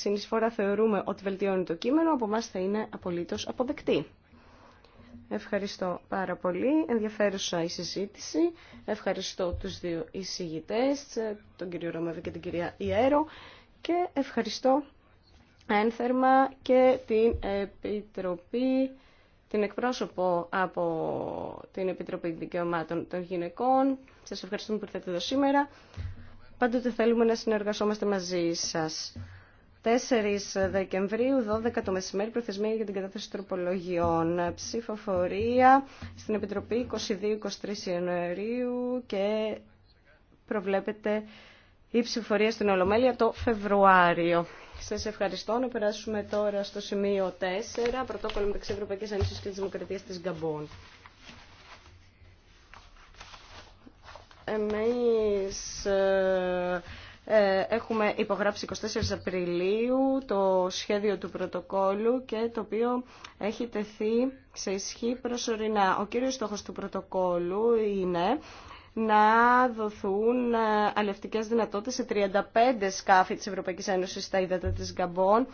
συνεισφορά θεωρούμε ότι βελτιώνει το κείμενο, από εμάς θα είναι απολύτως αποδεκτή. Ευχαριστώ πάρα πολύ. Ενδιαφέρουσα η συζήτηση. Ευχαριστώ τους δύο εισηγητές, τον κύριο Ρωμεύη και την κυρία Ιέρο. Και ευχαριστώ ένθερμα και την Επιτροπή, την εκπρόσωπο από την Επιτροπή Δικαιωμάτων των Γυναικών. Σας ευχαριστούμε που ήρθατε εδώ σήμερα. Πάντοτε θέλουμε να συνεργασόμαστε μαζί σας. 4 Δεκεμβρίου, 12 το μεσημέρι, προθεσμία για την κατάθεση τροπολογιών. Ψηφοφορία στην Επιτροπή 22-23 Ιανουαρίου και προβλέπεται η ψηφοφορία στην Ολομέλεια το Φεβρουάριο. Σα ευχαριστώ. Να περάσουμε τώρα στο σημείο 4, πρωτόκολλο μεταξύ Ευρωπαϊκή Ένωση και τη Δημοκρατία τη Γκαμπών. Ε, ε, έχουμε υπογράψει 24 Απριλίου το σχέδιο του πρωτοκόλου και το οποίο έχει τεθεί σε ισχύ προσωρινά. Ο κύριος στόχος του πρωτοκόλου είναι να δοθούν ε, αλευτικές δυνατότητες σε 35 σκάφη της Ευρωπαϊκής Ένωσης στα ύδατα της Γκαμπών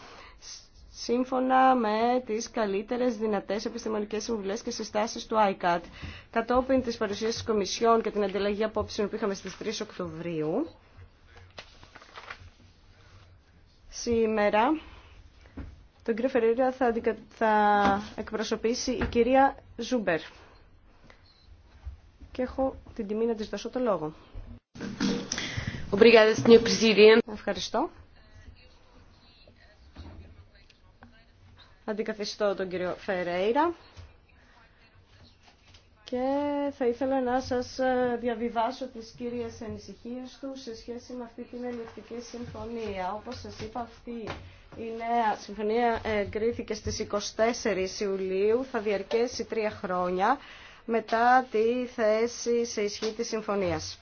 σύμφωνα με τις καλύτερες δυνατές επιστημονικές συμβουλές και συστάσεις του ICAT. Κατόπιν της παρουσίας της Κομισιόν και την ανταλλαγή απόψεων που είχαμε στις 3 Οκτωβρίου, Σήμερα τον κύριο Φεραίρα θα, εκπροσωπήσει η κυρία Ζούμπερ. Και έχω την τιμή να της δώσω το λόγο. Ευχαριστώ. Αντικαθιστώ τον κύριο φερείρα και θα ήθελα να σας ε, διαβιβάσω τις κύριες ανησυχίες του σε σχέση με αυτή την ελληνική συμφωνία. Όπως σας είπα αυτή η νέα συμφωνία εγκρίθηκε στις 24 Ιουλίου, θα διαρκέσει τρία χρόνια μετά τη θέση σε ισχύ της συμφωνίας.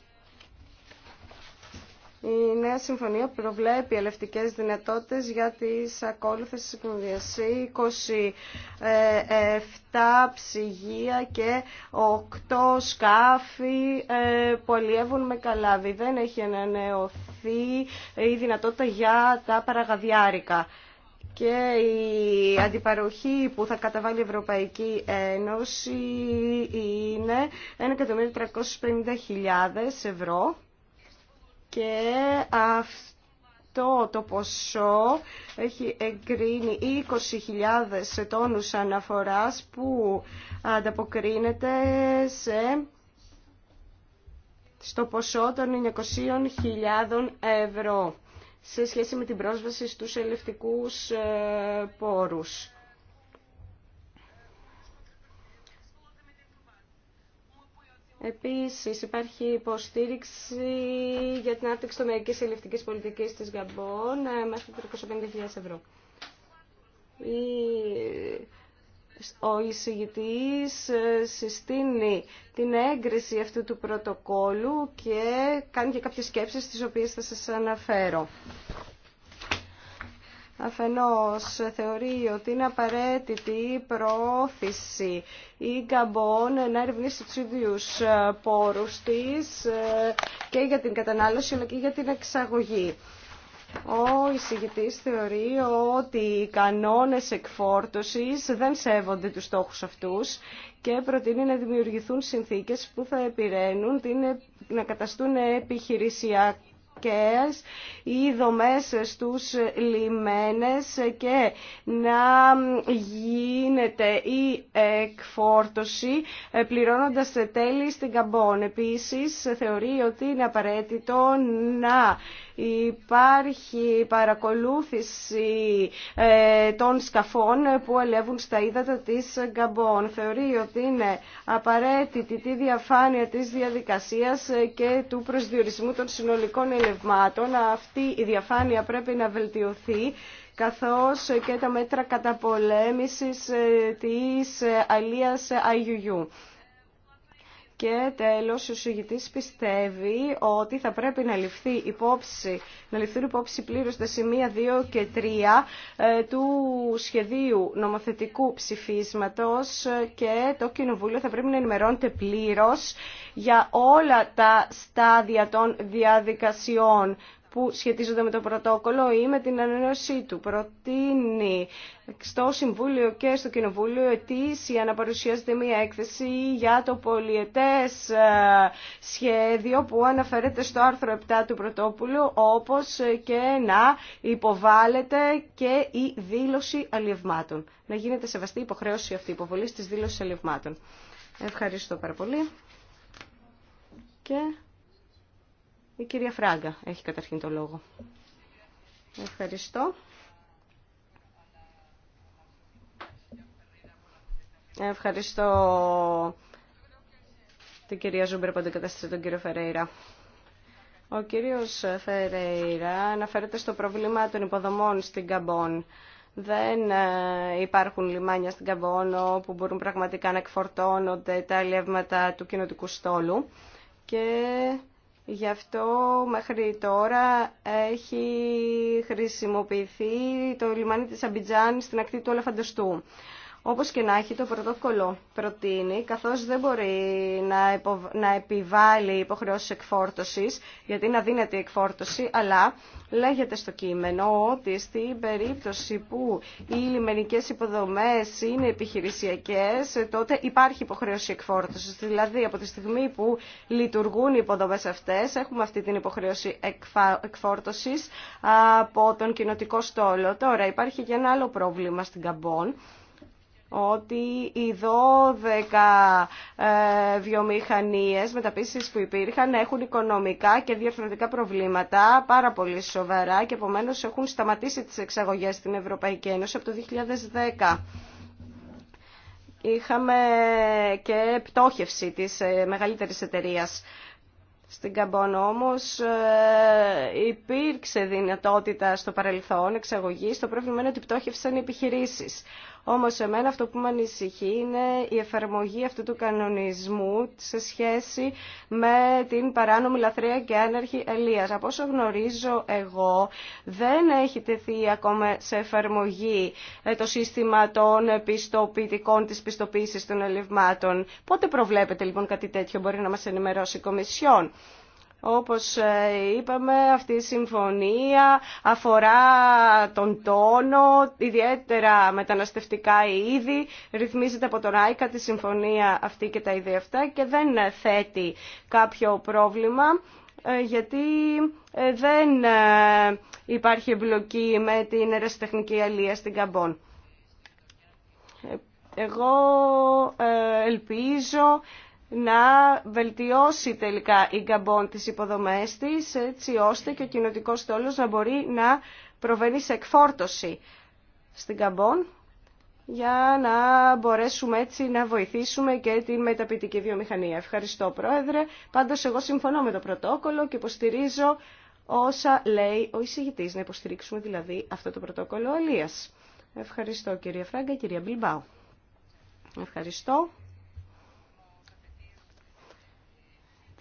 Η νέα συμφωνία προβλέπει ελευτικές δυνατότητες για τις ακόλουθες συμφωνίες. 27 ψυγεία και 8 σκάφη ε, που αλλιεύουν με καλάβι. Δεν έχει ανανεωθεί η δυνατότητα για τα παραγαδιάρικα και η αντιπαροχή που θα καταβάλει η Ευρωπαϊκή Ένωση είναι 1.350.000 ευρώ και αυτό το ποσό έχει εγκρίνει 20.000 τόνους αναφοράς που ανταποκρίνεται σε στο ποσό των 900.000 ευρώ σε σχέση με την πρόσβαση στους ελευτικούς ε, πόρους. Επίσης υπάρχει υποστήριξη για την των μερικής ελευθερικής πολιτικής της Γαμπών ε, μέχρι 350.000 ευρώ. Ο εισηγητής ε, συστήνει την έγκριση αυτού του πρωτοκόλου και κάνει και κάποιες σκέψεις τις οποίες θα σας αναφέρω. Αφενός θεωρεί ότι είναι απαραίτητη η προώθηση η Καμπον να ερευνήσει τους ίδιους ε, πόρους της ε, και για την κατανάλωση αλλά και για την εξαγωγή. Ο εισηγητής θεωρεί ότι οι κανόνες εκφόρτωσης δεν σέβονται τους στόχους αυτούς και προτείνει να δημιουργηθούν συνθήκες που θα επιραίνουν την, να καταστούν επιχειρησιακά οι δομές στους λιμένες και να γίνεται η εκφόρτωση ε, πληρώνοντας τέλη στην Καμπόν. Επίσης θεωρεί ότι είναι απαραίτητο να Υπάρχει παρακολούθηση ε, των σκαφών που αλεύουν στα ύδατα της Γκαμπών. Θεωρεί ότι είναι απαραίτητη τη διαφάνεια της διαδικασίας και του προσδιορισμού των συνολικών ελευμάτων. Αυτή η διαφάνεια πρέπει να βελτιωθεί καθώς και τα μέτρα καταπολέμησης ε, της ε, αλίας Αγιουγιού. Και τέλος, ο συγητής πιστεύει ότι θα πρέπει να, ληφθεί υπόψη, να ληφθούν υπόψη πλήρως τα σημεία 2 και 3 ε, του σχεδίου νομοθετικού ψηφίσματος και το Κοινοβούλιο θα πρέπει να ενημερώνεται πλήρως για όλα τα στάδια των διαδικασιών που σχετίζονται με το πρωτόκολλο ή με την ανανέωσή του. Προτείνει στο Συμβούλιο και στο Κοινοβούλιο ετήσια να παρουσιάζεται μία έκθεση για το πολιετές ε, σχέδιο που αναφέρεται στο άρθρο 7 του πρωτόπουλου όπως και να υποβάλλεται και η δήλωση αλλιευμάτων. Να γίνεται σεβαστή υποχρέωση αυτή η υποβολή στις δήλωσης αλλιευμάτων. Ευχαριστώ πάρα πολύ. Και... Η κυρία Φράγκα έχει καταρχήν το λόγο. Ευχαριστώ. Ευχαριστώ την κυρία Ζούμπερ που αντικαταστήσε τον κύριο Φερέιρα. Ο κύριος Φερέιρα αναφέρεται στο πρόβλημα των υποδομών στην Καμπόν. Δεν ε, υπάρχουν λιμάνια στην Καμπόν όπου μπορούν πραγματικά να εκφορτώνονται τα αλλιεύματα του κοινοτικού στόλου και Γι' αυτό μέχρι τώρα έχει χρησιμοποιηθεί το λιμάνι της Αμπιτζάν στην ακτή του Αλαφαντοστού. Όπως και να έχει το πρωτόκολλο προτείνει, καθώς δεν μπορεί να, να επιβάλλει υποχρεώσεις εκφόρτωσης, γιατί είναι αδύνατη η εκφόρτωση, αλλά λέγεται στο κείμενο ότι στην περίπτωση που οι λιμενικές υποδομές είναι επιχειρησιακές, τότε υπάρχει υποχρέωση εκφόρτωσης. Δηλαδή, από τη στιγμή που λειτουργούν οι υποδομές αυτές, έχουμε αυτή την υποχρέωση εκφόρτωσης από τον κοινοτικό στόλο. Τώρα, υπάρχει και ένα άλλο πρόβλημα στην Καμπόν, ότι οι 12 ε, βιομηχανίες που υπήρχαν έχουν οικονομικά και διαφορετικά προβλήματα πάρα πολύ σοβαρά και επομένως έχουν σταματήσει τις εξαγωγές στην Ευρωπαϊκή Ένωση από το 2010. Είχαμε και πτώχευση της ε, μεγαλύτερης εταιρείας. Στην Καμπόν όμως ε, υπήρξε δυνατότητα στο παρελθόν εξαγωγή, Το πρόβλημα είναι ότι πτώχευσαν οι επιχειρήσεις. Όμως εμένα αυτό που με ανησυχεί είναι η εφαρμογή αυτού του κανονισμού σε σχέση με την παράνομη λαθρέα και άναρχη ελίας. Από όσο γνωρίζω εγώ δεν έχει τεθεί ακόμα σε εφαρμογή ε, το σύστημα των πιστοποιητικών της πιστοποίησης των ελευμάτων. Πότε προβλέπετε λοιπόν κάτι τέτοιο μπορεί να μας ενημερώσει η Κομισιόν. Όπως ε, είπαμε, αυτή η συμφωνία αφορά τον τόνο, ιδιαίτερα μεταναστευτικά είδη, ρυθμίζεται από τον ΆΙΚΑ τη συμφωνία αυτή και τα είδη αυτά και δεν θέτει κάποιο πρόβλημα ε, γιατί ε, δεν υπάρχει εμπλοκή με την αιρεσιτεχνική αλία στην Καμπόν. Εγώ ελπίζω να βελτιώσει τελικά η Γκαμπών τις υποδομές της, έτσι ώστε και ο κοινοτικό στόλος να μπορεί να προβαίνει σε εκφόρτωση στην Γκαμπών, για να μπορέσουμε έτσι να βοηθήσουμε και την μεταπητική βιομηχανία. Ευχαριστώ Πρόεδρε. Πάντως εγώ συμφωνώ με το πρωτόκολλο και υποστηρίζω όσα λέει ο εισηγητής. Να υποστηρίξουμε δηλαδή αυτό το πρωτόκολλο αλίας. Ευχαριστώ κυρία Φράγκα, κυρία Μπιλμπάου. Ευχαριστώ.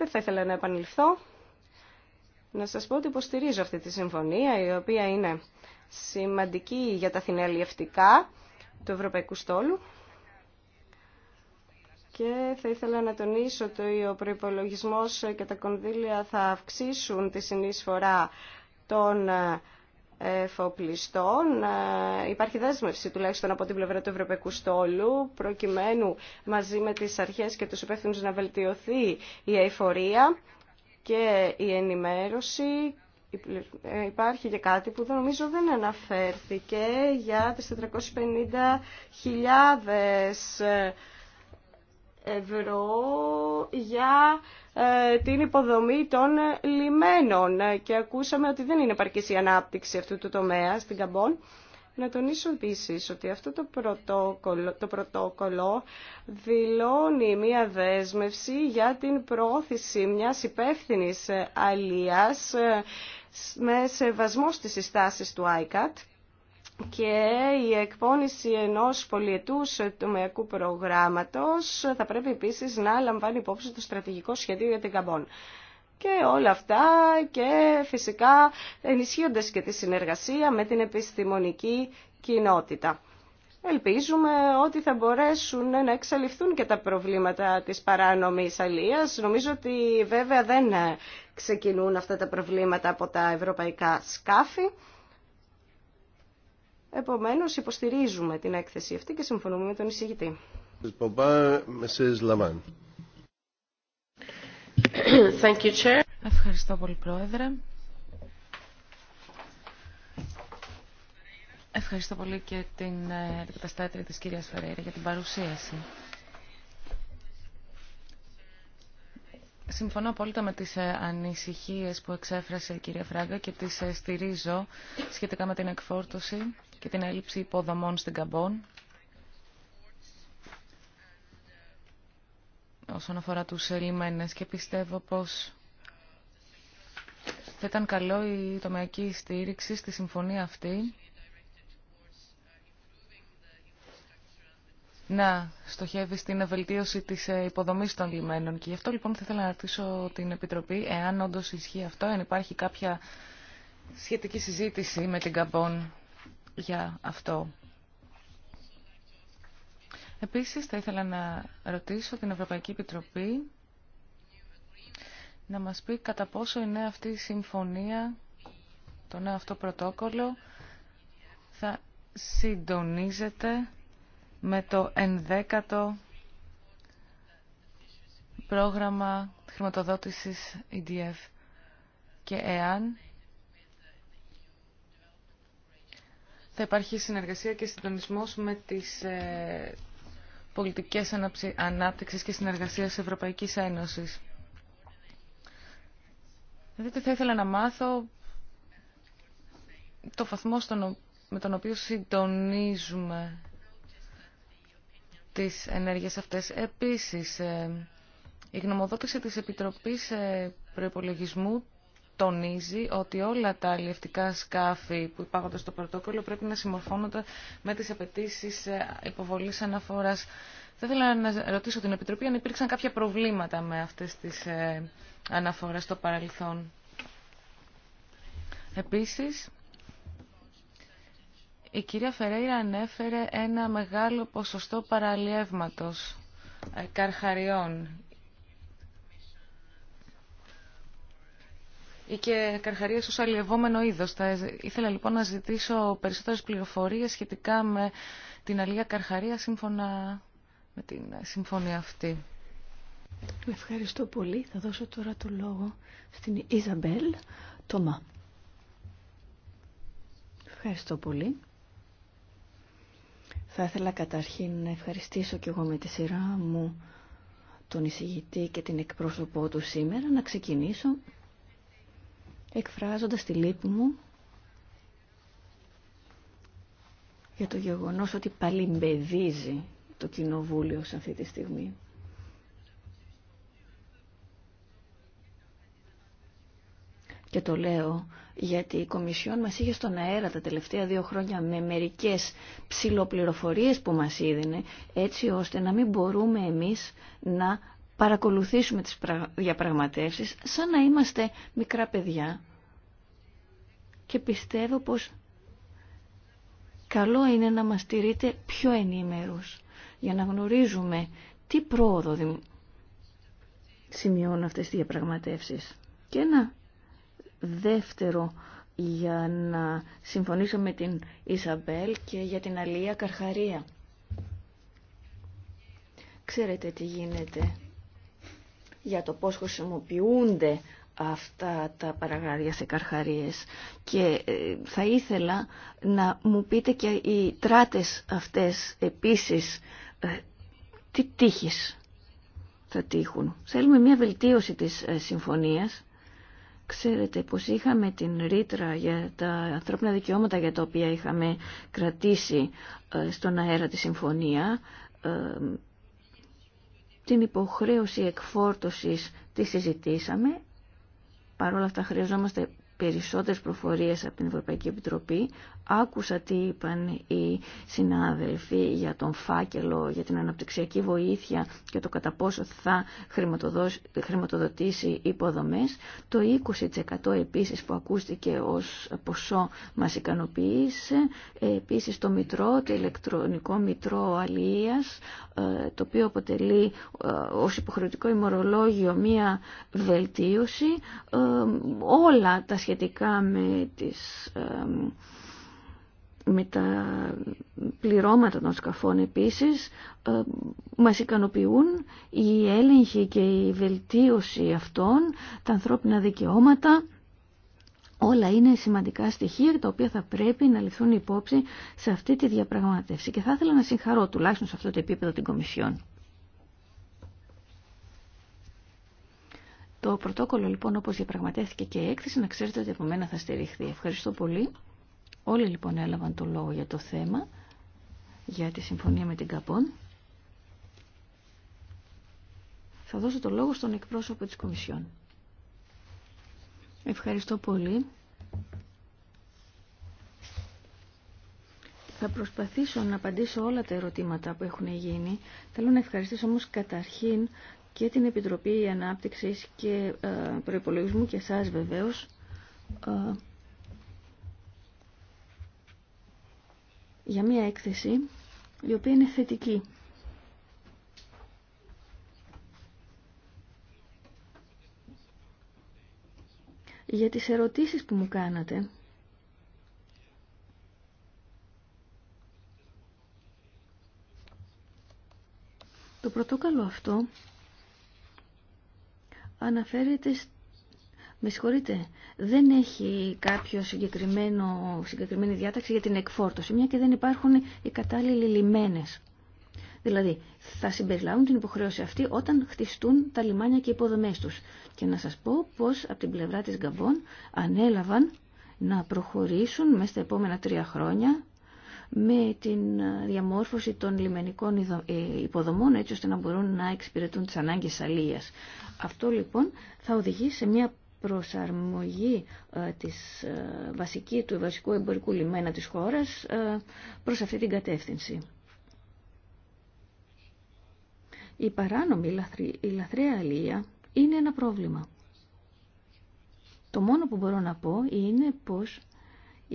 θα ήθελα να επανειληφθώ. Να σας πω ότι υποστηρίζω αυτή τη συμφωνία, η οποία είναι σημαντική για τα θηναλιευτικά του Ευρωπαϊκού Στόλου. Και θα ήθελα να τονίσω ότι ο προϋπολογισμός και τα κονδύλια θα αυξήσουν τη συνεισφορά των ε, εφοπλιστών. Ε, υπάρχει δέσμευση τουλάχιστον από την πλευρά του Ευρωπαϊκού Στόλου προκειμένου μαζί με τις αρχές και τους υπεύθυνους να βελτιωθεί η αηφορία και η ενημέρωση. Ε, υπάρχει και κάτι που δεν νομίζω δεν αναφέρθηκε για τις 450.000 ευρώ για ε, την υποδομή των λιμένων και ακούσαμε ότι δεν είναι επαρκή η ανάπτυξη αυτού του τομέα στην Καμπόν. Να τονίσω επίση ότι αυτό το πρωτόκολλο, το πρωτόκολλο δηλώνει μία δέσμευση για την πρόθεση μιας υπεύθυνης αλίας ε, με σεβασμό στις συστάσεις του ICAT και η εκπόνηση ενός πολιετούς τομεακού προγράμματος θα πρέπει επίσης να λαμβάνει υπόψη το στρατηγικό σχέδιο για την Καμπόν. Και όλα αυτά και φυσικά ενισχύοντας και τη συνεργασία με την επιστημονική κοινότητα. Ελπίζουμε ότι θα μπορέσουν να εξαλειφθούν και τα προβλήματα της παράνομης αλίας. Νομίζω ότι βέβαια δεν ξεκινούν αυτά τα προβλήματα από τα ευρωπαϊκά σκάφη. Επομένω, υποστηρίζουμε την έκθεση αυτή και συμφωνούμε με τον εισηγητή. Thank you, Chair. Ευχαριστώ πολύ, Πρόεδρε. Ευχαριστώ πολύ και την αντικαταστάτρια ε, της κυρίας Φεραίρα για την παρουσίαση. Συμφωνώ απόλυτα με τις ε, ανησυχίες που εξέφρασε η κυρία Φράγκα και τις ε, στηρίζω σχετικά με την εκφόρτωση και την έλλειψη υποδομών στην Καμπόν. όσον αφορά τους λιμένες και πιστεύω πως θα ήταν καλό η τομεακή στήριξη στη συμφωνία αυτή να στοχεύει στην βελτίωση της ε, υποδομής των λιμένων. Και γι' αυτό λοιπόν θα ήθελα να ρωτήσω την Επιτροπή εάν όντω ισχύει αυτό, εάν υπάρχει κάποια σχετική συζήτηση με την Καμπόν για αυτό. Επίσης, θα ήθελα να ρωτήσω την Ευρωπαϊκή Επιτροπή να μας πει κατά πόσο η νέα αυτή συμφωνία, το νέο αυτό πρωτόκολλο, θα συντονίζεται με το ενδέκατο πρόγραμμα χρηματοδότησης EDF και εάν θα υπάρχει συνεργασία και συντονισμός με τις ε, πολιτικές ανάπτυξης και συνεργασίας Ευρωπαϊκής Ένωσης. Δείτε, θα ήθελα να μάθω το βαθμό με τον οποίο συντονίζουμε τις ενέργειες αυτές. Επίσης, ε, η γνωμοδότηση της Επιτροπής ε, Προϋπολογισμού τονίζει ότι όλα τα αλληλευτικά σκάφη που υπάρχονται στο πρωτόκολλο πρέπει να συμμορφώνονται με τις απαιτήσει ε, υποβολής αναφοράς. Θα ήθελα να ρωτήσω την Επιτροπή αν υπήρξαν κάποια προβλήματα με αυτές τις ε, αναφορές στο παρελθόν. Επίσης, η κυρία Φερέιρα ανέφερε ένα μεγάλο ποσοστό παραλιεύματος ε, καρχαριών. και καρχαρία ως αλλιευόμενο είδος. Θα ήθελα λοιπόν να ζητήσω περισσότερες πληροφορίες σχετικά με την αλληλεία καρχαρία σύμφωνα με την συμφωνία αυτή. Ευχαριστώ πολύ. Θα δώσω τώρα το λόγο στην Ιζαμπέλ Τομά. Ευχαριστώ πολύ. Θα ήθελα καταρχήν να ευχαριστήσω και εγώ με τη σειρά μου τον εισηγητή και την εκπρόσωπό του σήμερα να ξεκινήσω εκφράζοντας τη λύπη μου για το γεγονός ότι παλιμπεδίζει το κοινοβούλιο σε αυτή τη στιγμή. Και το λέω γιατί η Κομισιόν μας είχε στον αέρα τα τελευταία δύο χρόνια με μερικές ψηλοπληροφορίες που μας είδαινε έτσι ώστε να μην μπορούμε εμείς να παρακολουθήσουμε τις διαπραγματεύσεις σαν να είμαστε μικρά παιδιά και πιστεύω πως καλό είναι να μας τηρείτε πιο ενήμερους για να γνωρίζουμε τι πρόοδο σημειώνουν αυτές τις διαπραγματεύσεις. Και ένα δεύτερο για να συμφωνήσω με την Ισαμπέλ και για την Αλία Καρχαρία. Ξέρετε τι γίνεται για το πώς χρησιμοποιούνται αυτά τα παραγάρια σε καρχαρίες και ε, θα ήθελα να μου πείτε και οι τράτες αυτές επίσης ε, τι τύχεις θα τύχουν. Θέλουμε μια βελτίωση της ε, συμφωνίας. Ξέρετε πως είχαμε την ρήτρα για τα ανθρώπινα δικαιώματα για τα οποία είχαμε κρατήσει στον αέρα τη συμφωνία την υποχρέωση εκφόρτωσης τη συζητήσαμε. Παρ' όλα αυτά χρειαζόμαστε περισσότερες προφορίες από την Ευρωπαϊκή Επιτροπή. Άκουσα τι είπαν οι συνάδελφοι για τον φάκελο, για την αναπτυξιακή βοήθεια και το κατά πόσο θα χρηματοδοτήσει υποδομές. Το 20% επίσης που ακούστηκε ως ποσό μας ικανοποίησε. Επίσης το μητρό, το ηλεκτρονικό μητρό αλίας, ε, το οποίο αποτελεί ε, ως υποχρεωτικό ημορολόγιο μία βελτίωση. Ε, όλα τα σχετικά με, τις, με τα πληρώματα των σκαφών επίσης μας ικανοποιούν η έλεγχη και η βελτίωση αυτών, τα ανθρώπινα δικαιώματα, Όλα είναι σημαντικά στοιχεία τα οποία θα πρέπει να ληφθούν υπόψη σε αυτή τη διαπραγμάτευση. Και θα ήθελα να συγχαρώ τουλάχιστον σε αυτό το επίπεδο την Κομισιόν. Το πρωτόκολλο λοιπόν όπως διαπραγματεύτηκε και η έκθεση να ξέρετε ότι από μένα θα στηριχθεί. Ευχαριστώ πολύ. Όλοι λοιπόν έλαβαν το λόγο για το θέμα, για τη συμφωνία με την Καπών. Θα δώσω το λόγο στον εκπρόσωπο της Κομισιόν. Ευχαριστώ πολύ. Θα προσπαθήσω να απαντήσω όλα τα ερωτήματα που έχουν γίνει. Θέλω να ευχαριστήσω όμως καταρχήν και την Επιτροπή Ανάπτυξης και ε, Προϋπολογισμού και εσάς βεβαίως ε, για μια έκθεση η οποία είναι θετική. Για τις ερωτήσεις που μου κάνατε, το πρωτόκαλο αυτό αναφέρεται με συγχωρείτε, δεν έχει κάποιο συγκεκριμένο, συγκεκριμένη διάταξη για την εκφόρτωση, μια και δεν υπάρχουν οι κατάλληλοι λιμένες. Δηλαδή, θα συμπεριλάβουν την υποχρέωση αυτή όταν χτιστούν τα λιμάνια και οι υποδομές τους. Και να σας πω πως από την πλευρά της Γκαμπών ανέλαβαν να προχωρήσουν μέσα στα επόμενα τρία χρόνια με την διαμόρφωση των λιμενικών ε, υποδομών έτσι ώστε να μπορούν να εξυπηρετούν τις ανάγκες αλίας. Αυτό λοιπόν θα οδηγεί σε μια προσαρμογή ε, της ε, του βασικού εμπορικού λιμένα της χώρας προς αυτή την κατεύθυνση. Η παράνομη, η λαθρέα αλία είναι ένα πρόβλημα. Το μόνο που μπορώ να πω είναι πως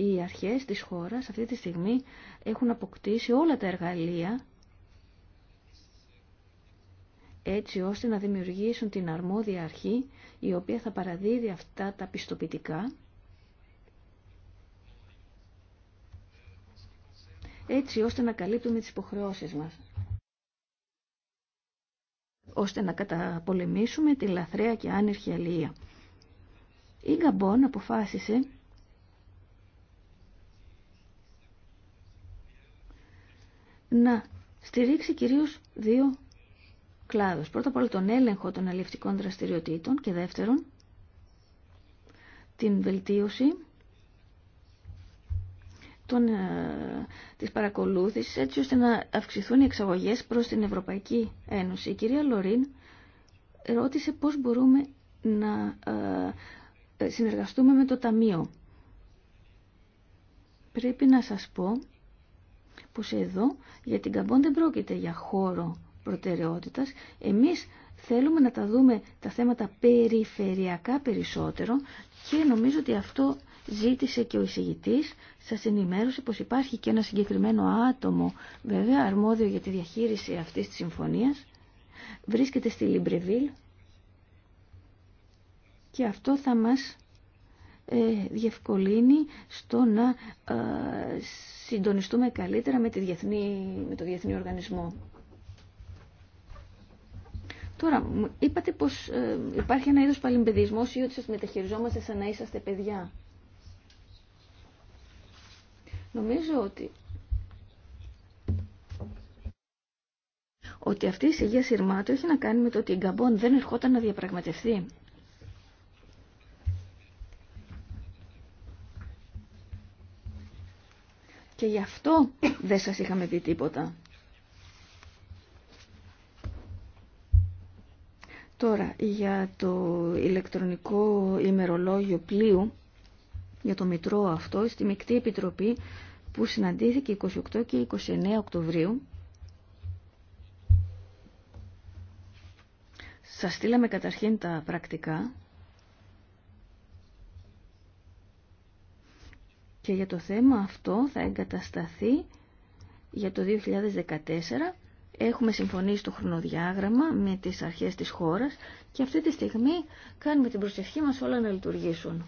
οι αρχές της χώρας αυτή τη στιγμή έχουν αποκτήσει όλα τα εργαλεία έτσι ώστε να δημιουργήσουν την αρμόδια αρχή η οποία θα παραδίδει αυτά τα πιστοποιητικά έτσι ώστε να καλύπτουμε τις υποχρεώσεις μας ώστε να καταπολεμήσουμε τη λαθρέα και άνερχη αλληλεία. Η Γκαμπόν αποφάσισε να στηρίξει κυρίως δύο κλάδους. Πρώτα απ' όλα τον έλεγχο των αλληλευτικών δραστηριοτήτων και δεύτερον την βελτίωση των, ε, της παρακολούθησης έτσι ώστε να αυξηθούν οι εξαγωγές προς την Ευρωπαϊκή Ένωση. Η κυρία Λορίν ρώτησε πώς μπορούμε να ε, συνεργαστούμε με το Ταμείο. Πρέπει να σας πω πως εδώ για την Καμπόν δεν πρόκειται για χώρο προτεραιότητας. Εμείς θέλουμε να τα δούμε τα θέματα περιφερειακά περισσότερο και νομίζω ότι αυτό ζήτησε και ο εισηγητής. Σας ενημέρωσε πως υπάρχει και ένα συγκεκριμένο άτομο βέβαια αρμόδιο για τη διαχείριση αυτής της συμφωνίας. Βρίσκεται στη Λιμπρεβίλ και αυτό θα μας ε, διευκολύνει στο να ε, συντονιστούμε καλύτερα με, τη διεθνή, με το Διεθνή Οργανισμό. Τώρα, είπατε πως ε, υπάρχει ένα είδος παλιμπεδισμός ή ότι σας μεταχειριζόμαστε σαν να είσαστε παιδιά. Νομίζω ότι ότι αυτή η σιγεία σειρμάτου έχει να κάνει με το ότι η Γκαμπόν δεν ερχόταν να διαπραγματευτεί. Και γι' αυτό δεν σας είχαμε πει τίποτα. Τώρα, για το ηλεκτρονικό ημερολόγιο πλοίου, για το Μητρό αυτό, στη Μικτή Επιτροπή που συναντήθηκε 28 και 29 Οκτωβρίου, σας στείλαμε καταρχήν τα πρακτικά και για το θέμα αυτό θα εγκατασταθεί για το 2014. Έχουμε συμφωνήσει το χρονοδιάγραμμα με τις αρχές της χώρας και αυτή τη στιγμή κάνουμε την προσευχή μας όλα να λειτουργήσουν.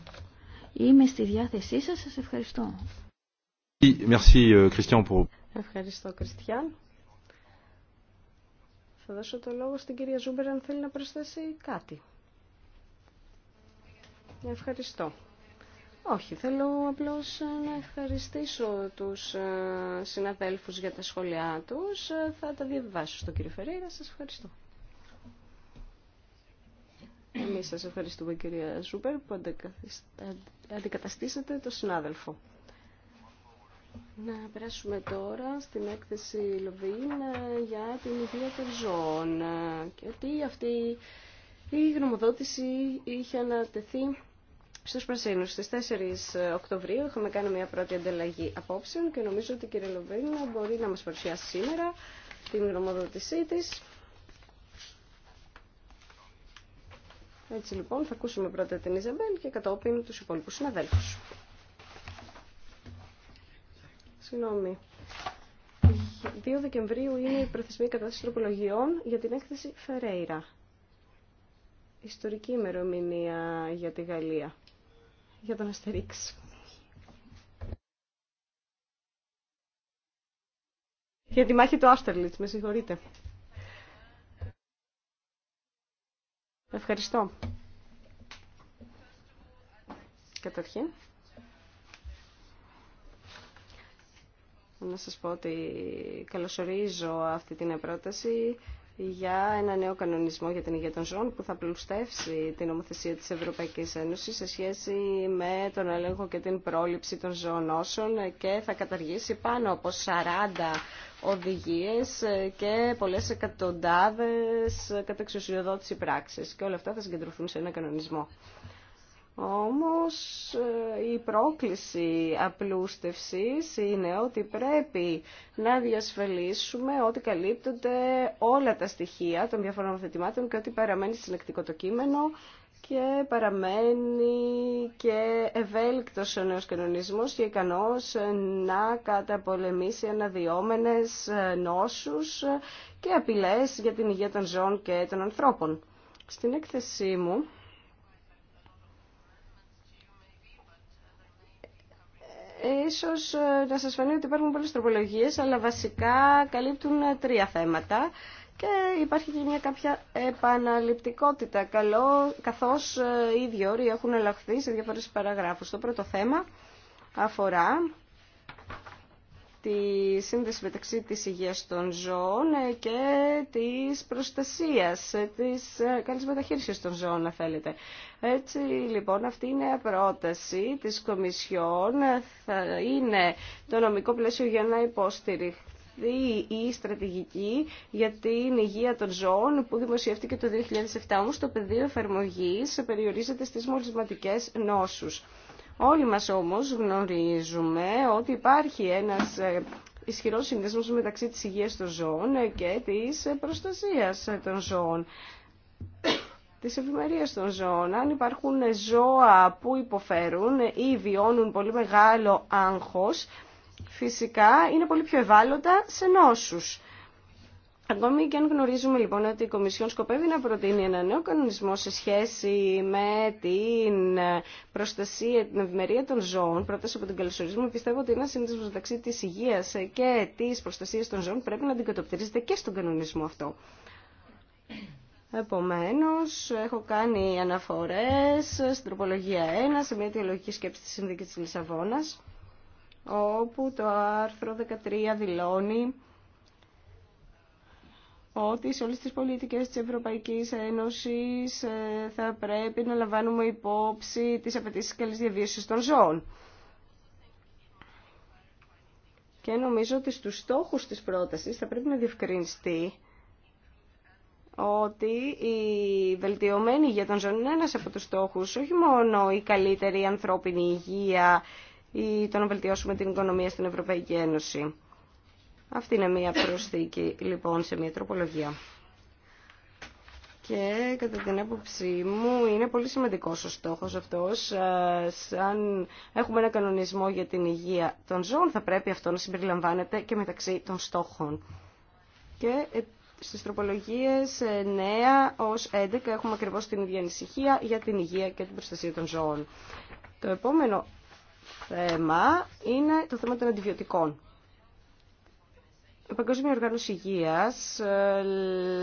Είμαι στη διάθεσή σας, σας ευχαριστώ. Euh, ευχαριστώ, Κριστιαν. Θα δώσω το λόγο στην κυρία Ζούμπερ αν θέλει να προσθέσει κάτι. Ευχαριστώ. Όχι, θέλω απλώς να ευχαριστήσω τους ε, συναδέλφους για τα σχόλιά τους. Ε, θα τα διαβάσω στον κύριο Φερέιρα. Σας ευχαριστώ. Εμείς σας ευχαριστούμε κυρία Ζούπερ που αντικαταστήσατε το συνάδελφο. Να περάσουμε τώρα στην έκθεση Λοβίν ε, για την υγεία των Και ότι αυτή η γνωμοδότηση είχε ανατεθεί Στου Πρασίνου, στι 4 ε, Οκτωβρίου είχαμε κάνει μια πρώτη ανταλλαγή απόψεων και νομίζω ότι η κυρία Λοβίνα μπορεί να μα παρουσιάσει σήμερα την γνωμοδότησή τη. Έτσι λοιπόν θα ακούσουμε πρώτα την Ιζαμπέλ και κατόπιν του υπόλοιπου συναδέλφου. Συγγνώμη. 2 Δεκεμβρίου είναι η προθεσμία κατάσταση τροπολογιών για την έκθεση Φερέιρα. Ιστορική ημερομηνία για τη Γαλλία για τον Αστερίξ. Για τη μάχη του Άστερλιτς, με συγχωρείτε. Ευχαριστώ. Καταρχήν. Να σας πω ότι καλωσορίζω αυτή την πρόταση για ένα νέο κανονισμό για την υγεία των ζώων που θα πλουστεύσει την νομοθεσία της Ευρωπαϊκής Ένωσης σε σχέση με τον έλεγχο και την πρόληψη των οσων και θα καταργήσει πάνω από 40 οδηγίες και πολλές εκατοντάδες κατεξουσιοδότηση πράξεις και όλα αυτά θα συγκεντρωθούν σε ένα κανονισμό. Όμως ε, η πρόκληση απλούστευσης είναι ότι πρέπει να διασφαλίσουμε ότι καλύπτονται όλα τα στοιχεία των διαφορών θετημάτων και ότι παραμένει συνεκτικό το κείμενο και παραμένει και ευέλικτος ο νέος κανονισμός και ικανός να καταπολεμήσει αναδυόμενες ε, νόσους και απειλές για την υγεία των ζώων και των ανθρώπων. Στην έκθεσή μου Ίσως ε, να σας φανεί ότι υπάρχουν πολλές τροπολογίες, αλλά βασικά καλύπτουν ε, τρία θέματα και υπάρχει και μια κάποια επαναληπτικότητα, καλό, καθώς ε, οι ίδιοι όροι έχουν ελαχθεί σε διάφορες παραγράφους. Το πρώτο θέμα αφορά τη σύνδεση μεταξύ της υγείας των ζώων και της προστασίας, της ε, καλής μεταχείρισης των ζώων, αν θέλετε. Έτσι, λοιπόν, αυτή είναι η πρόταση της Κομισιόν. Θα είναι το νομικό πλαίσιο για να υποστηριχθεί η στρατηγική για την υγεία των ζώων που δημοσιεύτηκε το 2007. Όμως το πεδίο εφαρμογής περιορίζεται στις μολυσματικές νόσους. Όλοι μας όμως γνωρίζουμε ότι υπάρχει ένας ε, ισχυρός συνδέσμος μεταξύ της υγείας των ζώων και της προστασίας των ζώων της ευημερίας των ζώων. Αν υπάρχουν ζώα που υποφέρουν ή βιώνουν πολύ μεγάλο άγχος, φυσικά είναι πολύ πιο ευάλωτα σε νόσους. Ακόμη και αν γνωρίζουμε λοιπόν ότι η Κομισιόν σκοπεύει να προτείνει ένα νέο κανονισμό σε σχέση με την προστασία, την ευημερία των ζώων, πρόταση από τον καλωσορισμό, πιστεύω ότι ένα σύνδεσμο μεταξύ τη υγεία και τη προστασία των ζώων πρέπει να αντικατοπτρίζεται και στον κανονισμό αυτό. Επομένω, έχω κάνει αναφορέ στην τροπολογία 1, σε μια θεολογική σκέψη τη Συνδίκης τη Λισαβόνας, όπου το άρθρο 13 δηλώνει ότι σε όλες τις πολιτικές της Ευρωπαϊκής Ένωσης ε, θα πρέπει να λαμβάνουμε υπόψη τις απαιτήσεις καλής διαβίωσης των ζώων. Και νομίζω ότι στους στόχους της πρότασης θα πρέπει να διευκρινιστεί ότι η βελτιωμένη για τον ζώων είναι ένας από τους στόχους, όχι μόνο η καλύτερη ανθρώπινη υγεία ή το να βελτιώσουμε την οικονομία στην Ευρωπαϊκή Ένωση. Αυτή είναι μία προσθήκη λοιπόν σε μία τροπολογία. Και κατά την άποψή μου είναι πολύ σημαντικός ο στόχος αυτός. Ε, Αν έχουμε ένα κανονισμό για την υγεία των ζώων θα πρέπει αυτό να συμπεριλαμβάνεται και μεταξύ των στόχων. Και ε, στις τροπολογίες 9 ε, ως 11 έχουμε ακριβώς την ίδια ανησυχία για την υγεία και την προστασία των ζώων. Το επόμενο θέμα είναι το θέμα των αντιβιωτικών η Παγκόσμιο Οργάνωση Υγείας ε,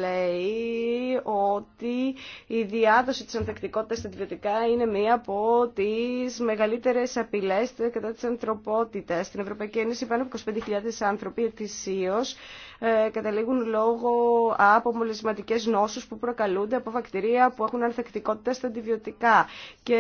λέει ότι η διάδοση της ανθεκτικότητας στα αντιβιωτικά είναι μία από τις μεγαλύτερες απειλές κατά της ανθρωπότητας. Στην Ευρωπαϊκή Ένωση πάνω από 25.000 άνθρωποι ετησίως ε, καταλήγουν λόγω από μολυσματικέ νόσου που προκαλούνται από βακτηρία που έχουν ανθεκτικότητα στα αντιβιωτικά και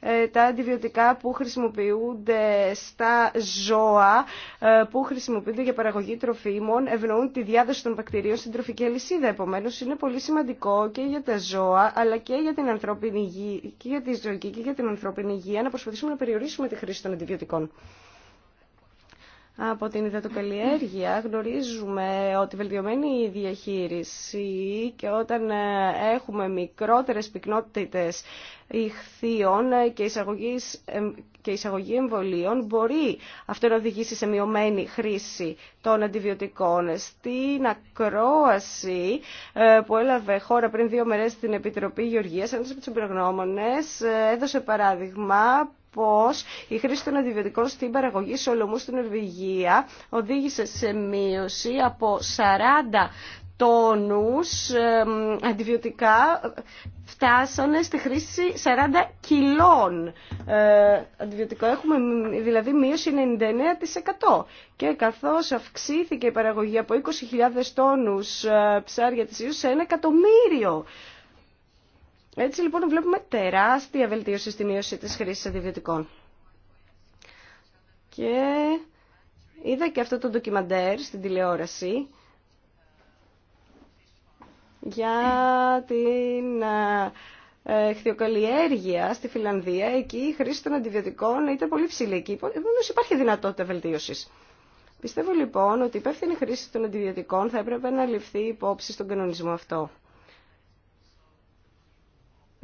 ε, τα αντιβιωτικά που χρησιμοποιούνται στα ζώα ε, που χρησιμοποιούνται για παραγωγή τροφίμων ευνοούν τη διάδοση των βακτηρίων στην τροφική αλυσίδα. Επομένω, είναι πολύ σημαντικό και για τα ζώα, αλλά και για την ανθρώπινη υγεία, και για τη ζωική και για την ανθρώπινη υγεία να προσπαθήσουμε να περιορίσουμε τη χρήση των αντιβιωτικών από την υδατοκαλλιέργεια γνωρίζουμε ότι βελτιωμένη η διαχείριση και όταν ε, έχουμε μικρότερες πυκνότητες ηχθείων και, και εισαγωγή εμβολίων μπορεί αυτό να οδηγήσει σε μειωμένη χρήση των αντιβιωτικών. Στην ακρόαση ε, που έλαβε χώρα πριν δύο μερές στην Επιτροπή Γεωργίας, ένας από τους εμπειρογνώμονες ε, έδωσε παράδειγμα πώ η χρήση των αντιβιωτικών στην παραγωγή σολομού στην Νορβηγία οδήγησε σε μείωση από 40 τόνους αντιβιωτικά φτάσανε στη χρήση 40 κιλών ε, αντιβιωτικών. Έχουμε δηλαδή μείωση 99%. Και καθώς αυξήθηκε η παραγωγή από 20.000 τόνους ε, ψάρια της ΙΟΥ σε 1 εκατομμύριο έτσι λοιπόν βλέπουμε τεράστια βελτίωση στη μείωση της χρήσης αντιβιωτικών. Και είδα και αυτό το ντοκιμαντέρ στην τηλεόραση για την ε, ε, χθιοκαλλιέργεια στη Φιλανδία. Εκεί η χρήση των αντιβιωτικών ήταν πολύ ψηλή. Εκεί υπάρχει δυνατότητα βελτίωσης. Πιστεύω λοιπόν ότι η υπεύθυνη χρήση των αντιβιωτικών θα έπρεπε να ληφθεί υπόψη στον κανονισμό αυτό.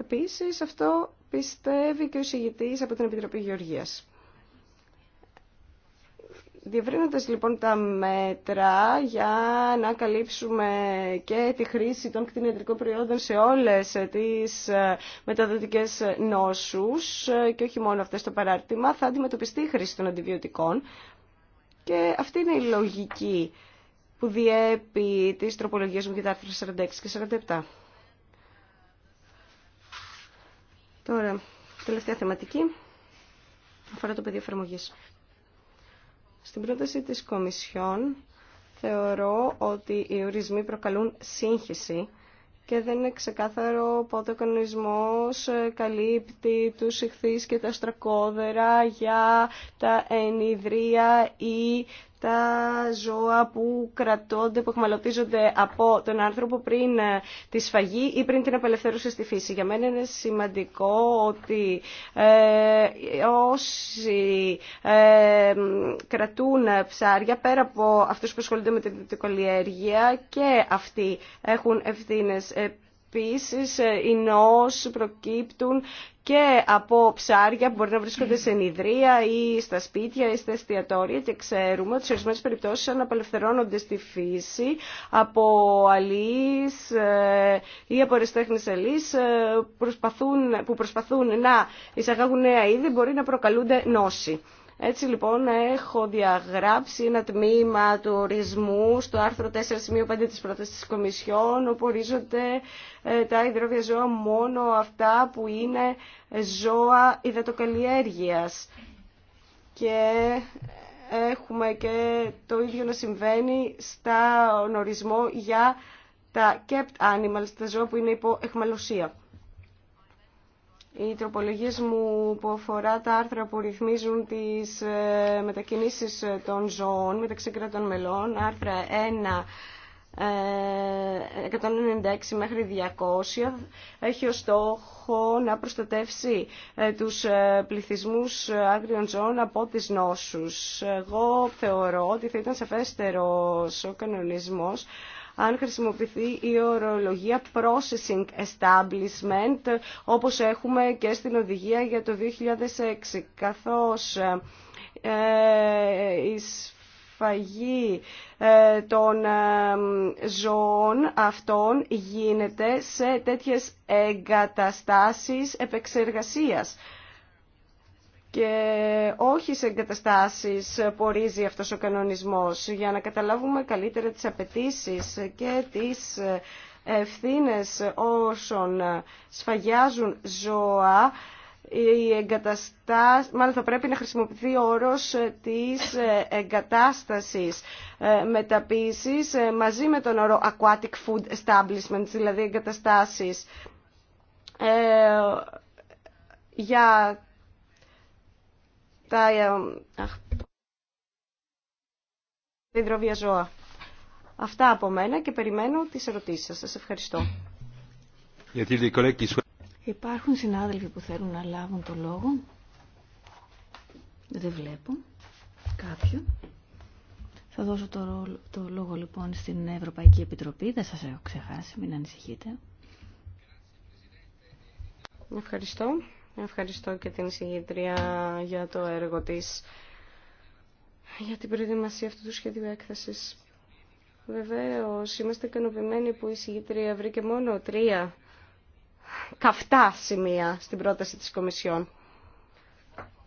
Επίσης αυτό πιστεύει και ο συγητή από την Επιτροπή Γεωργίας. Διευρύνοντας λοιπόν τα μέτρα για να καλύψουμε και τη χρήση των κτηνιατρικών προϊόντων σε όλες τις ε, μεταδοτικές νόσους ε, και όχι μόνο αυτές το παράρτημα, θα αντιμετωπιστεί η χρήση των αντιβιωτικών. Και αυτή είναι η λογική που διέπει τις τροπολογίες μου για τα άρθρα 46 και 47. Τώρα, τελευταία θεματική αφορά το πεδίο εφαρμογή. Στην πρόταση της Κομισιόν θεωρώ ότι οι ορισμοί προκαλούν σύγχυση και δεν είναι ξεκάθαρο πότε ο κανονισμός καλύπτει τους ηχθείς και τα στρακόδερα για τα ενιδρία ή τα ζώα που κρατώνται, που εχμαλωτίζονται από τον άνθρωπο πριν ε, τη σφαγή ή πριν την απελευθέρωση στη φύση. Για μένα είναι σημαντικό ότι ε, όσοι ε, κρατούν ψάρια, πέρα από αυτούς που ασχολούνται με την κολλιέργεια και αυτοί έχουν ευθύνες Επίσης, ε, οι νόσοι προκύπτουν και από ψάρια που μπορεί να βρίσκονται σε νηδρία ή στα σπίτια ή στα εστιατόρια και ξέρουμε ότι σε ορισμένε περιπτώσει αναπελευθερώνονται στη φύση από αλείς ε, ή από αριστέχνες αλείς ε, που προσπαθούν να εισαγάγουν νέα είδη μπορεί να προκαλούνται νόση. Έτσι λοιπόν έχω διαγράψει ένα τμήμα του ορισμού στο άρθρο 4.5 της πρόταση της Κομισιόν όπου ορίζονται ε, τα υδρόβια ζώα μόνο αυτά που είναι ζώα υδατοκαλλιέργειας. Και έχουμε και το ίδιο να συμβαίνει στα ορισμό για τα kept animals, τα ζώα που είναι υπό εχμαλωσία. Οι τροπολογίε μου που αφορά τα άρθρα που ρυθμίζουν τις ε, μετακινήσεις ε, των ζώων μεταξύ κρατών μελών, άρθρα 1, 196 ε, μέχρι 200 έχει ως στόχο να προστατεύσει τους πληθυσμούς άγριων ζώων από τις νόσους. Εγώ θεωρώ ότι θα ήταν σαφέστερος ο κανονισμός αν χρησιμοποιηθεί η ορολογία processing establishment όπως έχουμε και στην οδηγία για το 2006 καθώς ε, η σφαγή ε, των ε, ζώων αυτών γίνεται σε τέτοιες εγκαταστάσεις επεξεργασίας και όχι σε εγκαταστάσεις που ορίζει αυτός ο κανονισμός για να καταλάβουμε καλύτερα τις απαιτήσει και τις ευθύνε όσων σφαγιάζουν ζώα η εγκαταστάση, μάλλον θα πρέπει να χρησιμοποιηθεί ο όρος της εγκατάστασης μεταποίησης μαζί με τον όρο aquatic food establishments, δηλαδή εγκαταστάσεις ε, για τα ε, υδροβια ζώα. Αυτά από μένα και περιμένω τις ερωτήσεις σας. Σας ευχαριστώ. Υπάρχουν συνάδελφοι που θέλουν να λάβουν το λόγο. Δεν βλέπω κάποιον. Θα δώσω το, το λόγο λοιπόν στην Ευρωπαϊκή Επιτροπή. Δεν σας έχω ξεχάσει, μην ανησυχείτε. Ευχαριστώ. Ευχαριστώ και την συγγήτρια για το έργο της για την προετοιμασία αυτού του σχέδιου έκθεσης. Βεβαίω, είμαστε ικανοποιημένοι που η συγγήτρια βρήκε μόνο τρία καυτά σημεία στην πρόταση της Κομισιόν.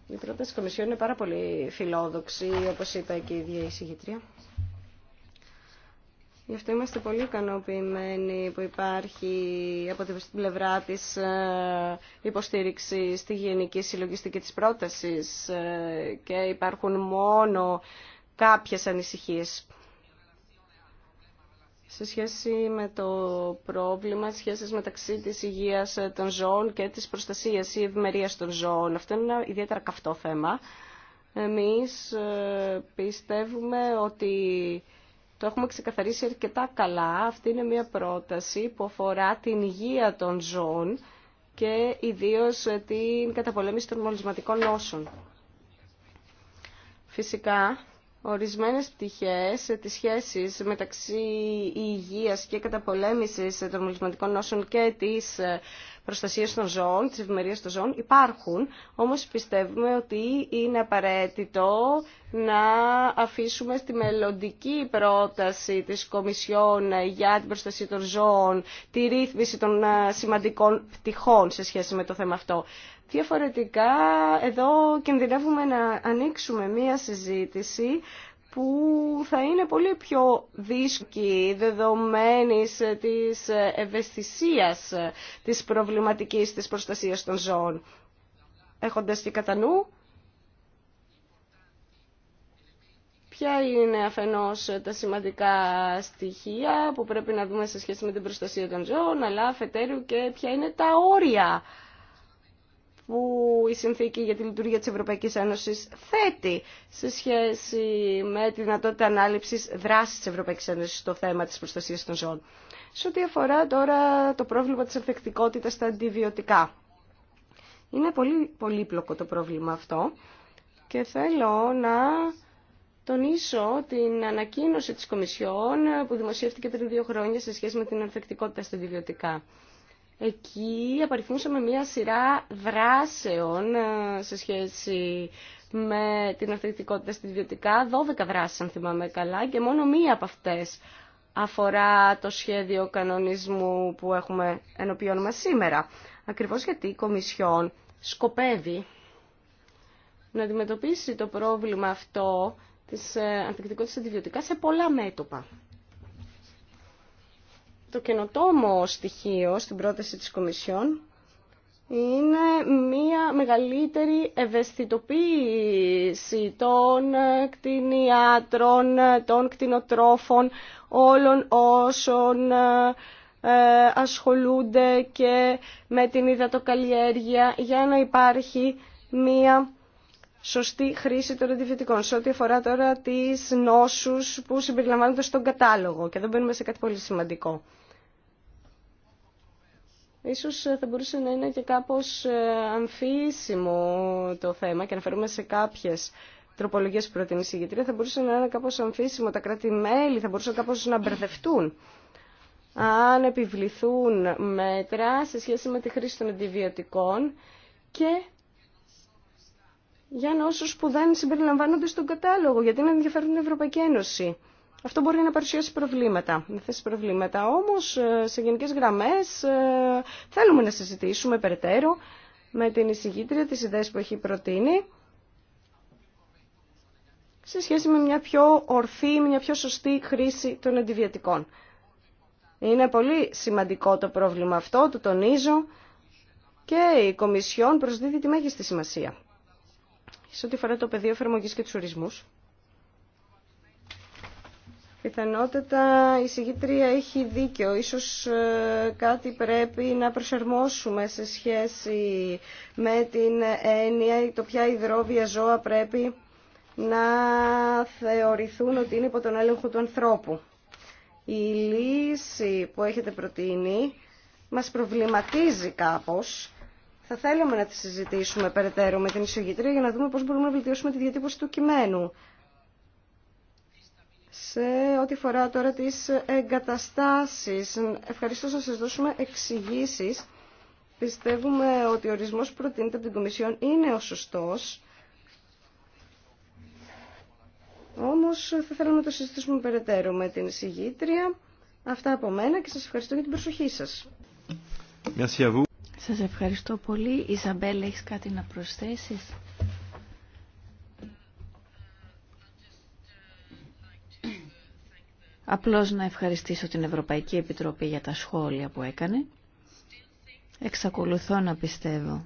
Η πρόταση της Κομισιόν είναι πάρα πολύ φιλόδοξη, όπως είπα και η ίδια η συγγήτρια. Γι' αυτό είμαστε πολύ ικανοποιημένοι που υπάρχει από την πλευρά της ε, υποστήριξη στη γενική συλλογιστική της πρότασης ε, και υπάρχουν μόνο κάποιες ανησυχίες σε σχέση με το πρόβλημα σχέση μεταξύ της υγείας των ζώων και της προστασίας ή ευημερία των ζώων. Αυτό είναι ένα ιδιαίτερα καυτό θέμα. Εμείς ε, πιστεύουμε ότι το έχουμε ξεκαθαρίσει αρκετά καλά. Αυτή είναι μια πρόταση που αφορά την υγεία των ζώων και ιδίως την καταπολέμηση των μολυσματικών νόσων. Φυσικά, ορισμένες πτυχές της σχέσης μεταξύ υγείας και καταπολέμησης των μολυσματικών νόσων και της Προστασία των ζώων, τη ευημερία των ζώων υπάρχουν, όμως πιστεύουμε ότι είναι απαραίτητο να αφήσουμε στη μελλοντική πρόταση της Κομισιόν για την προστασία των ζώων τη ρύθμιση των ε, σημαντικών πτυχών σε σχέση με το θέμα αυτό. Διαφορετικά, εδώ κινδυνεύουμε να ανοίξουμε μία συζήτηση που θα είναι πολύ πιο δύσκολη δεδομένης της ευαισθησίας της προβληματικής της προστασίας των ζώων. Έχοντας και κατά νου ποια είναι αφενός τα σημαντικά στοιχεία που πρέπει να δούμε σε σχέση με την προστασία των ζώων, αλλά αφετέρου και ποια είναι τα όρια που η συνθήκη για τη λειτουργία της Ευρωπαϊκής Ένωσης θέτει σε σχέση με τη δυνατότητα ανάληψης δράσης της Ευρωπαϊκής Ένωσης στο θέμα της προστασίας των ζώων. Σε ό,τι αφορά τώρα το πρόβλημα της εφεκτικότητας στα αντιβιωτικά. Είναι πολύ πολύπλοκο το πρόβλημα αυτό και θέλω να τονίσω την ανακοίνωση της Κομισιόν που δημοσιεύτηκε πριν δύο χρόνια σε σχέση με την ανθεκτικότητα στα αντιβιωτικά. Εκεί απαριθμούσαμε μία σειρά δράσεων ε, σε σχέση με την αυθεντικότητα στη βιωτικά, 12 δράσεις αν θυμάμαι καλά και μόνο μία από αυτές αφορά το σχέδιο κανονισμού που έχουμε ενωπιών μας σήμερα. Ακριβώς γιατί η Κομισιόν σκοπεύει να αντιμετωπίσει το πρόβλημα αυτό της ε, ανθεκτικότητας αντιβιωτικά σε πολλά μέτωπα. Το καινοτόμο στοιχείο στην πρόταση της Κομισιόν είναι μια μεγαλύτερη ευαισθητοποίηση των κτηνιάτρων, των κτηνοτρόφων, όλων όσων ε, ασχολούνται και με την υδατοκαλλιέργεια για να υπάρχει μια σωστή χρήση των αντιβιωτικών σε ό,τι αφορά τώρα τις νόσους που συμπεριλαμβάνονται στον κατάλογο και εδώ μπαίνουμε σε κάτι πολύ σημαντικό. Ίσως θα μπορούσε να είναι και κάπως ε, αμφίσιμο το θέμα και αναφέρουμε σε κάποιες τροπολογίες που προτείνει η συγκεκριά, θα μπορούσε να είναι κάπως αμφίσιμο, τα κράτη-μέλη θα μπορούσαν κάπως να μπερδευτούν αν επιβληθούν μέτρα σε σχέση με τη χρήση των αντιβιωτικών και για όσους που δεν συμπεριλαμβάνονται στον κατάλογο, γιατί είναι ενδιαφέρον την Ευρωπαϊκή Ένωση αυτό μπορεί να παρουσιάσει προβλήματα, να θέσει προβλήματα. Όμως, ε, σε γενικές γραμμές, ε, θέλουμε να συζητήσουμε περαιτέρω με την εισηγήτρια τις ιδέες που έχει προτείνει σε σχέση με μια πιο ορθή, μια πιο σωστή χρήση των αντιβιατικών. Είναι πολύ σημαντικό το πρόβλημα αυτό, το τονίζω και η Κομισιόν προσδίδει τη μέγιστη σημασία. Σε ό,τι αφορά το πεδίο εφαρμογή και του ορισμού, Πιθανότατα η συγκήτρια έχει δίκιο. Ίσως ε, κάτι πρέπει να προσαρμόσουμε σε σχέση με την έννοια το ποια υδρόβια ζώα πρέπει να θεωρηθούν ότι είναι υπό τον έλεγχο του ανθρώπου. Η λύση που έχετε προτείνει μας προβληματίζει κάπως. Θα θέλαμε να τη συζητήσουμε περαιτέρω με την εισηγήτρια για να δούμε πώς μπορούμε να βελτιώσουμε τη διατύπωση του κειμένου σε ό,τι φορά τώρα τις εγκαταστάσεις. Ευχαριστώ να σας δώσουμε εξηγήσει. Πιστεύουμε ότι ο ορισμός που προτείνεται από την Κομισιόν είναι ο σωστός. Όμως θα θέλαμε να το συζητήσουμε περαιτέρω με την εισηγήτρια. Αυτά από μένα και σας ευχαριστώ για την προσοχή σας. Merci Σας ευχαριστώ πολύ. Ισαμπέλ, έχεις κάτι να προσθέσεις. Απλώς να ευχαριστήσω την Ευρωπαϊκή Επιτροπή για τα σχόλια που έκανε. Εξακολουθώ να πιστεύω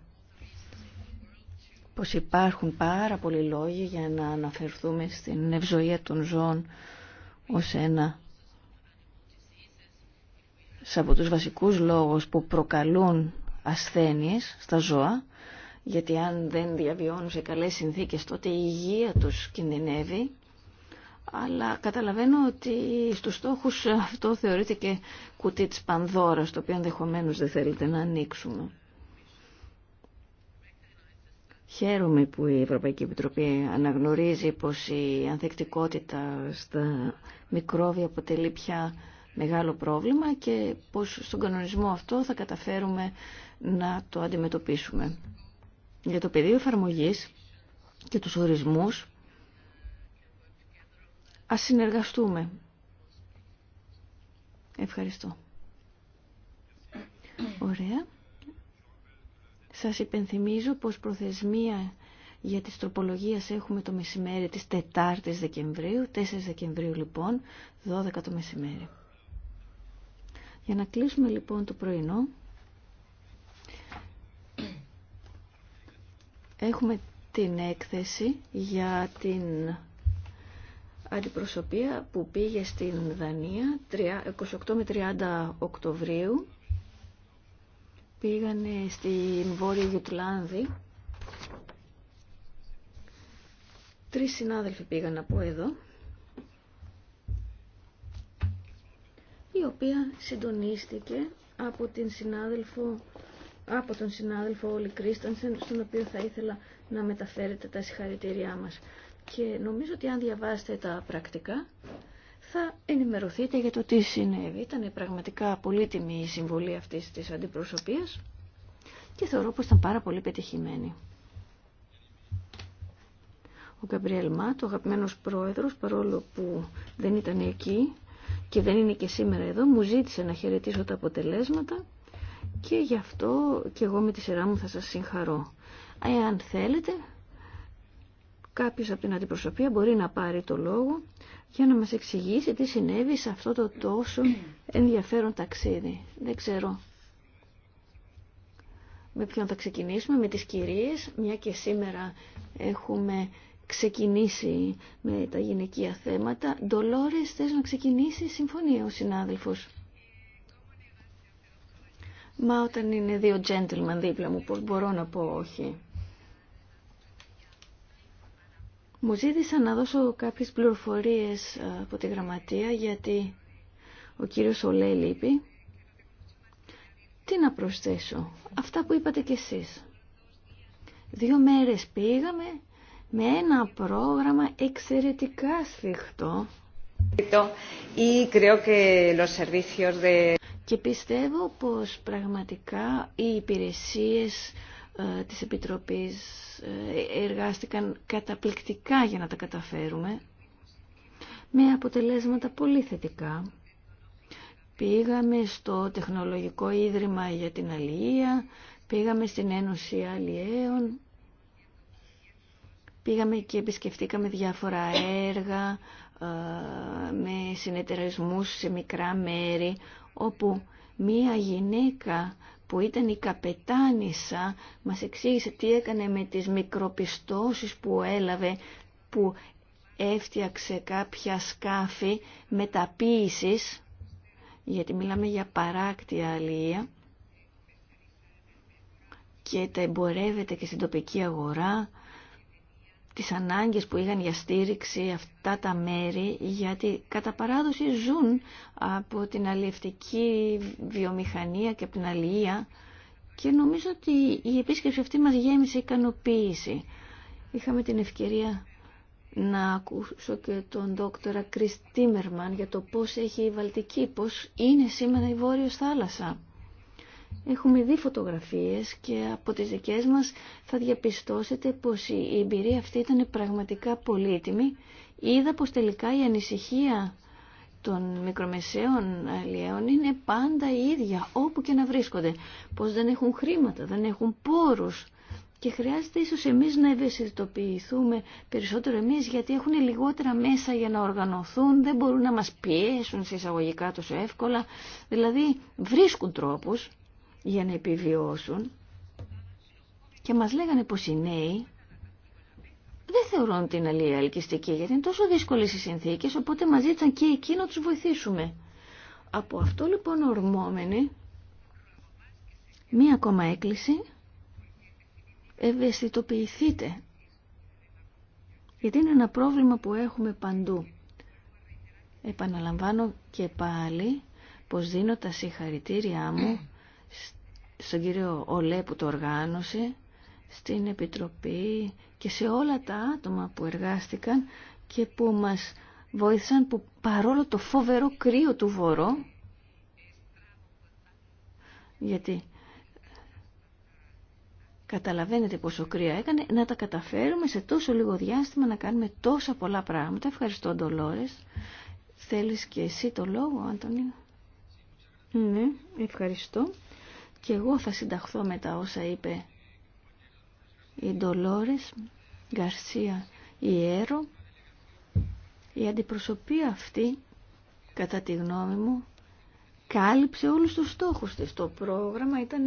πως υπάρχουν πάρα πολλοί λόγοι για να αναφερθούμε στην ευζοία των ζώων ως ένα από τους βασικούς λόγους που προκαλούν ασθένειες στα ζώα, γιατί αν δεν διαβιώνουν σε καλές συνθήκες τότε η υγεία τους κινδυνεύει αλλά καταλαβαίνω ότι στους στόχους αυτό θεωρείται και κουτί της πανδώρας, το οποίο ενδεχομένω δεν θέλετε να ανοίξουμε. Χαίρομαι που η Ευρωπαϊκή Επιτροπή αναγνωρίζει πως η ανθεκτικότητα στα μικρόβια αποτελεί πια μεγάλο πρόβλημα και πως στον κανονισμό αυτό θα καταφέρουμε να το αντιμετωπίσουμε. Για το πεδίο εφαρμογή και τους ορισμούς Ας συνεργαστούμε. Ευχαριστώ. Ωραία. Σας υπενθυμίζω πως προθεσμία για τις τροπολογίες έχουμε το μεσημέρι της 4ης Δεκεμβρίου, 4 Δεκεμβρίου λοιπόν, 12 το μεσημέρι. Για να κλείσουμε λοιπόν το πρωινό, έχουμε την έκθεση για την αντιπροσωπεία που πήγε στην Δανία 28 με 30 Οκτωβρίου πήγανε στην Βόρεια Γιουτλάνδη τρεις συνάδελφοι πήγαν από εδώ η οποία συντονίστηκε από, την συνάδελφο, από τον συνάδελφο Όλη Κρίστανσεν στον οποίο θα ήθελα να μεταφέρετε τα συγχαρητήριά μας και νομίζω ότι αν διαβάσετε τα πρακτικά θα ενημερωθείτε για το τι συνέβη. Ήταν πραγματικά πολύτιμη η συμβολή αυτής της αντιπροσωπίας και θεωρώ πως ήταν πάρα πολύ πετυχημένη. Ο Γκαμπριέλ Μάτ, ο αγαπημένος πρόεδρος, παρόλο που δεν ήταν εκεί και δεν είναι και σήμερα εδώ, μου ζήτησε να χαιρετήσω τα αποτελέσματα και γι' αυτό και εγώ με τη σειρά μου θα σας συγχαρώ. Εάν θέλετε, κάποιος από την αντιπροσωπεία μπορεί να πάρει το λόγο για να μας εξηγήσει τι συνέβη σε αυτό το τόσο ενδιαφέρον ταξίδι. Δεν ξέρω με ποιον θα ξεκινήσουμε, με τις κυρίες, μια και σήμερα έχουμε ξεκινήσει με τα γυναικεία θέματα. Ντολόρες, θες να ξεκινήσει, συμφωνία ο συνάδελφος. Μα όταν είναι δύο gentlemen δίπλα μου, πώς μπορώ να πω όχι. Μου ζήτησαν να δώσω κάποιες πληροφορίες ε, από τη γραμματεία γιατί ο κύριος Ολέ λείπει. Τι να προσθέσω. Αυτά που είπατε κι εσείς. Δύο μέρες πήγαμε με ένα πρόγραμμα εξαιρετικά σφιχτό. Και πιστεύω πως πραγματικά οι υπηρεσίες ε, της Επιτροπής ε, εργάστηκαν καταπληκτικά για να τα καταφέρουμε με αποτελέσματα πολύ θετικά. Πήγαμε στο Τεχνολογικό Ίδρυμα για την Αλληλεία, πήγαμε στην Ένωση Αλλιέων, πήγαμε και επισκεφτήκαμε διάφορα έργα ε, με συνεταιρισμούς σε μικρά μέρη, όπου μία γυναίκα που ήταν η καπετάνισσα μας εξήγησε τι έκανε με τις μικροπιστώσεις που έλαβε που έφτιαξε κάποια σκάφη μεταποίησης γιατί μιλάμε για παράκτια αλληλεία και τα εμπορεύεται και στην τοπική αγορά τις ανάγκες που είχαν για στήριξη αυτά τα μέρη, γιατί κατά παράδοση ζουν από την αλληλευτική βιομηχανία και από την αλληλεία και νομίζω ότι η επίσκεψη αυτή μας γέμισε ικανοποίηση. Είχαμε την ευκαιρία να ακούσω και τον δόκτωρα Κριστίμερμαν για το πώς έχει η Βαλτική, πώς είναι σήμερα η Βόρειος Θάλασσα. Έχουμε δει φωτογραφίες και από τις δικές μας θα διαπιστώσετε πως η εμπειρία αυτή ήταν πραγματικά πολύτιμη. Είδα πως τελικά η ανησυχία των μικρομεσαίων αλλιέων είναι πάντα η ίδια, όπου και να βρίσκονται. Πως δεν έχουν χρήματα, δεν έχουν πόρους. Και χρειάζεται ίσως εμείς να ευαισθητοποιηθούμε περισσότερο εμείς γιατί έχουν λιγότερα μέσα για να οργανωθούν, δεν μπορούν να μας πιέσουν σε εισαγωγικά τόσο εύκολα. Δηλαδή βρίσκουν τρόπους για να επιβιώσουν και μας λέγανε πως οι νέοι δεν θεωρούν την αλληλεία ελκυστική γιατί είναι τόσο δύσκολες οι συνθήκες οπότε μας ζήτησαν και εκεί να τους βοηθήσουμε. Από αυτό λοιπόν ορμόμενοι μία ακόμα έκκληση ευαισθητοποιηθείτε γιατί είναι ένα πρόβλημα που έχουμε παντού. Επαναλαμβάνω και πάλι πως δίνω τα συγχαρητήριά μου στον κύριο Ολέ που το οργάνωσε, στην Επιτροπή και σε όλα τα άτομα που εργάστηκαν και που μας βοήθησαν που παρόλο το φοβερό κρύο του Βορρό, γιατί καταλαβαίνετε πόσο κρύα έκανε, να τα καταφέρουμε σε τόσο λίγο διάστημα να κάνουμε τόσα πολλά πράγματα. Ευχαριστώ, Ντολόρες. Θέλεις και εσύ το λόγο, Άντωνη. Ναι, ευχαριστώ και εγώ θα συνταχθώ με τα όσα είπε η Ντολόρες Γκαρσία Ιέρο. Η αντιπροσωπεία αυτή, κατά τη γνώμη μου, κάλυψε όλους τους στόχους της. Το πρόγραμμα ήταν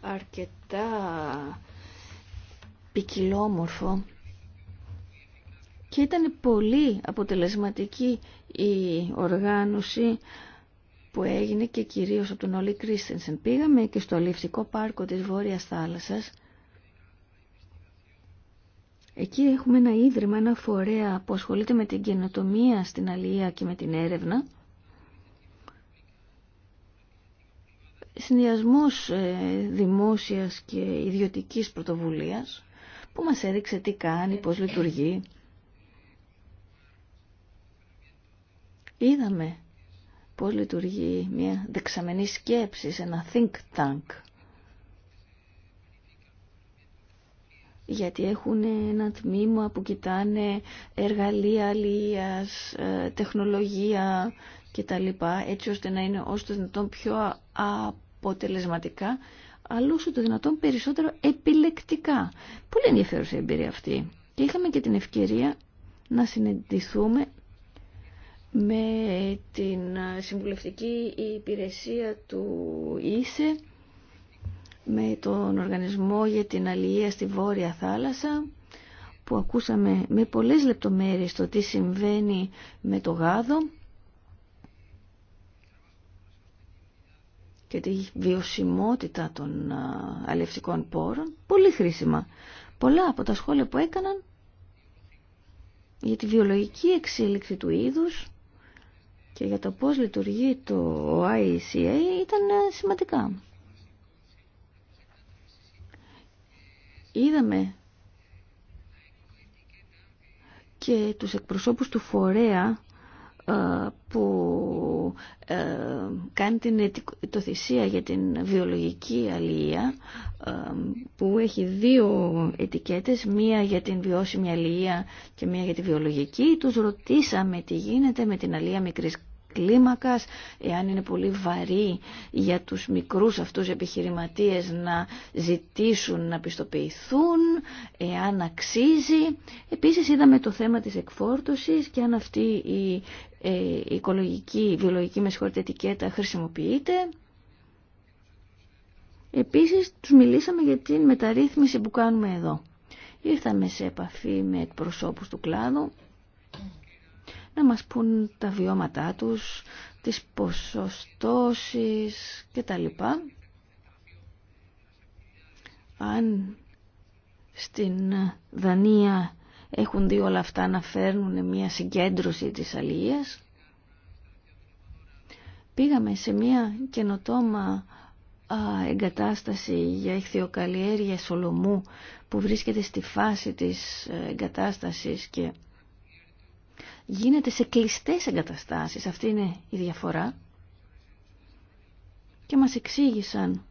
αρκετά ποικιλόμορφο και ήταν πολύ αποτελεσματική η οργάνωση που έγινε και κυρίως από τον Όλη Κρίστενσεν. Πήγαμε και στο λευτικό Πάρκο της Βόρειας Θάλασσας. Εκεί έχουμε ένα ίδρυμα, ένα φορέα που ασχολείται με την καινοτομία στην Αλία και με την έρευνα. Συνδυασμός ε, δημόσιας και ιδιωτικής πρωτοβουλίας που μας έδειξε τι κάνει, πώς λειτουργεί. Είδαμε πώς λειτουργεί μια δεξαμενή σκέψη, ένα think tank. γιατί έχουν ένα τμήμα που κοιτάνε εργαλεία λίας, ε, τεχνολογία κτλ. έτσι ώστε να είναι όσο το δυνατόν πιο αποτελεσματικά, αλλά όσο το δυνατόν περισσότερο επιλεκτικά. Πολύ ενδιαφέρουσα εμπειρία αυτή. Και είχαμε και την ευκαιρία να συναντηθούμε με την συμβουλευτική υπηρεσία του ΙΣΕ, με τον Οργανισμό για την Αλληλεία στη Βόρεια Θάλασσα, που ακούσαμε με πολλές λεπτομέρειες το τι συμβαίνει με το γάδο και τη βιωσιμότητα των αλευτικών πόρων. Πολύ χρήσιμα. Πολλά από τα σχόλια που έκαναν για τη βιολογική εξέλιξη του είδους και για το πώς λειτουργεί το ICA ήταν ε, σημαντικά. Είδαμε και τους εκπροσώπους του φορέα ε, που ε, κάνει την θυσία για την βιολογική αλληλεία που έχει δύο ετικέτες, μία για την βιώσιμη αλληλεία και μία για τη βιολογική. Τους ρωτήσαμε τι γίνεται με την αλληλεία μικρής κλίμακας, εάν είναι πολύ βαρύ για τους μικρούς αυτούς επιχειρηματίες να ζητήσουν να πιστοποιηθούν, εάν αξίζει. Επίσης είδαμε το θέμα της εκφόρτωσης και αν αυτή η ε, οικολογική, βιολογική με συγχωρείτε ετικέτα χρησιμοποιείται. Επίσης τους μιλήσαμε για την μεταρρύθμιση που κάνουμε εδώ. Ήρθαμε σε επαφή με εκπροσώπους του κλάδου να μας πούν τα βιώματά τους, τις ποσοστώσεις λοιπά Αν στην Δανία έχουν δει όλα αυτά να φέρνουν μια συγκέντρωση της αλληλείας, πήγαμε σε μια καινοτόμα εγκατάσταση για ηχθειοκαλλιέργεια σολομού που βρίσκεται στη φάση της ε, εγκατάστασης και γίνεται σε κλειστές εγκαταστάσεις. Αυτή είναι η διαφορά. Και μας εξήγησαν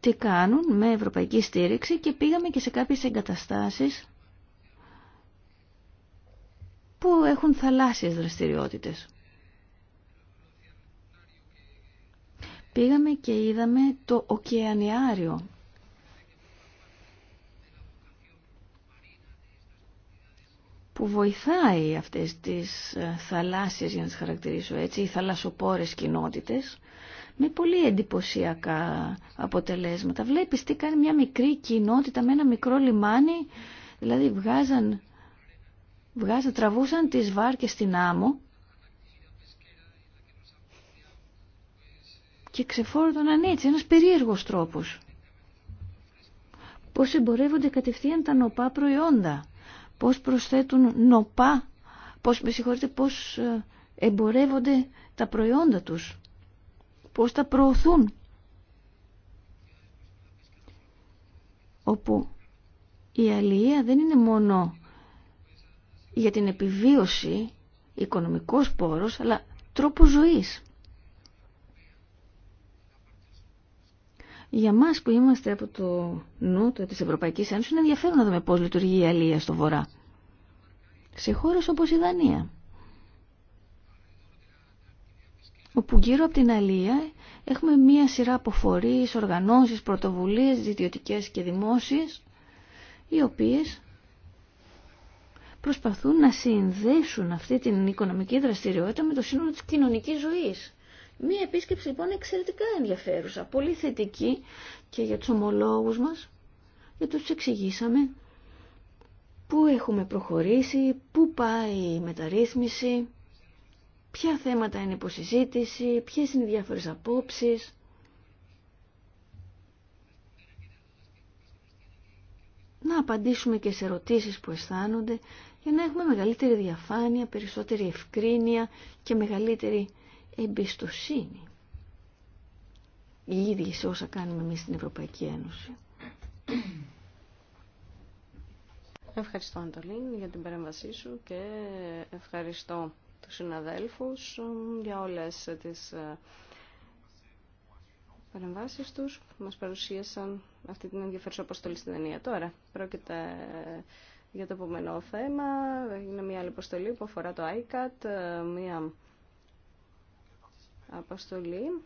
τι κάνουν με ευρωπαϊκή στήριξη και πήγαμε και σε κάποιες εγκαταστάσεις που έχουν θαλάσσιες δραστηριότητες. Πήγαμε και είδαμε το ωκεανιάριο που βοηθάει αυτές τις ε, θαλάσσιες, για να τις χαρακτηρίσω έτσι, οι θαλασσοπόρες κοινότητες, με πολύ εντυπωσιακά αποτελέσματα. Βλέπεις τι κάνει μια μικρή κοινότητα με ένα μικρό λιμάνι, δηλαδή βγάζαν, βγάζαν τραβούσαν τις βάρκες στην άμμο και ξεφόρτωναν έτσι, ένας περίεργος τρόπος. Πώς εμπορεύονται κατευθείαν τα νοπά προϊόντα πώς προσθέτουν νοπά, πώς, με πώς ε, εμπορεύονται τα προϊόντα τους, πώς τα προωθούν. Όπου η αλληλεία δεν είναι μόνο για την επιβίωση οικονομικός πόρος, αλλά τρόπο ζωής. Για μας που είμαστε από το νου το, της Ευρωπαϊκής Ένωσης είναι ενδιαφέρον να δούμε πώς λειτουργεί η αλία στο βορρά. Σε χώρες όπως η Δανία. Όπου γύρω από την αλία έχουμε μία σειρά φορείς, οργανώσεις, πρωτοβουλίες, ιδιωτικές και δημόσιες, οι οποίες προσπαθούν να συνδέσουν αυτή την οικονομική δραστηριότητα με το σύνολο της κοινωνικής ζωής. Μία επίσκεψη λοιπόν εξαιρετικά ενδιαφέρουσα, πολύ θετική και για τους ομολόγους μας, γιατί τους εξηγήσαμε πού έχουμε προχωρήσει, πού πάει η μεταρρύθμιση, ποια θέματα είναι υποσυζήτηση, ποιες είναι οι διάφορες απόψεις. Να απαντήσουμε και σε ερωτήσεις που αισθάνονται για να έχουμε μεγαλύτερη διαφάνεια, περισσότερη ευκρίνεια και μεγαλύτερη εμπιστοσύνη. Οι ίδιοι σε όσα κάνουμε εμείς στην Ευρωπαϊκή Ένωση. Ευχαριστώ Αντολίν για την παρέμβασή σου και ευχαριστώ τους συναδέλφους ε, για όλες τις ε, παρεμβάσεις τους που μας παρουσίασαν αυτή την ενδιαφέρουσα αποστολή στην Ενία. Τώρα πρόκειται ε, για το επόμενο θέμα. Είναι μια άλλη αποστολή που αφορά το ICAT, μια αποστολή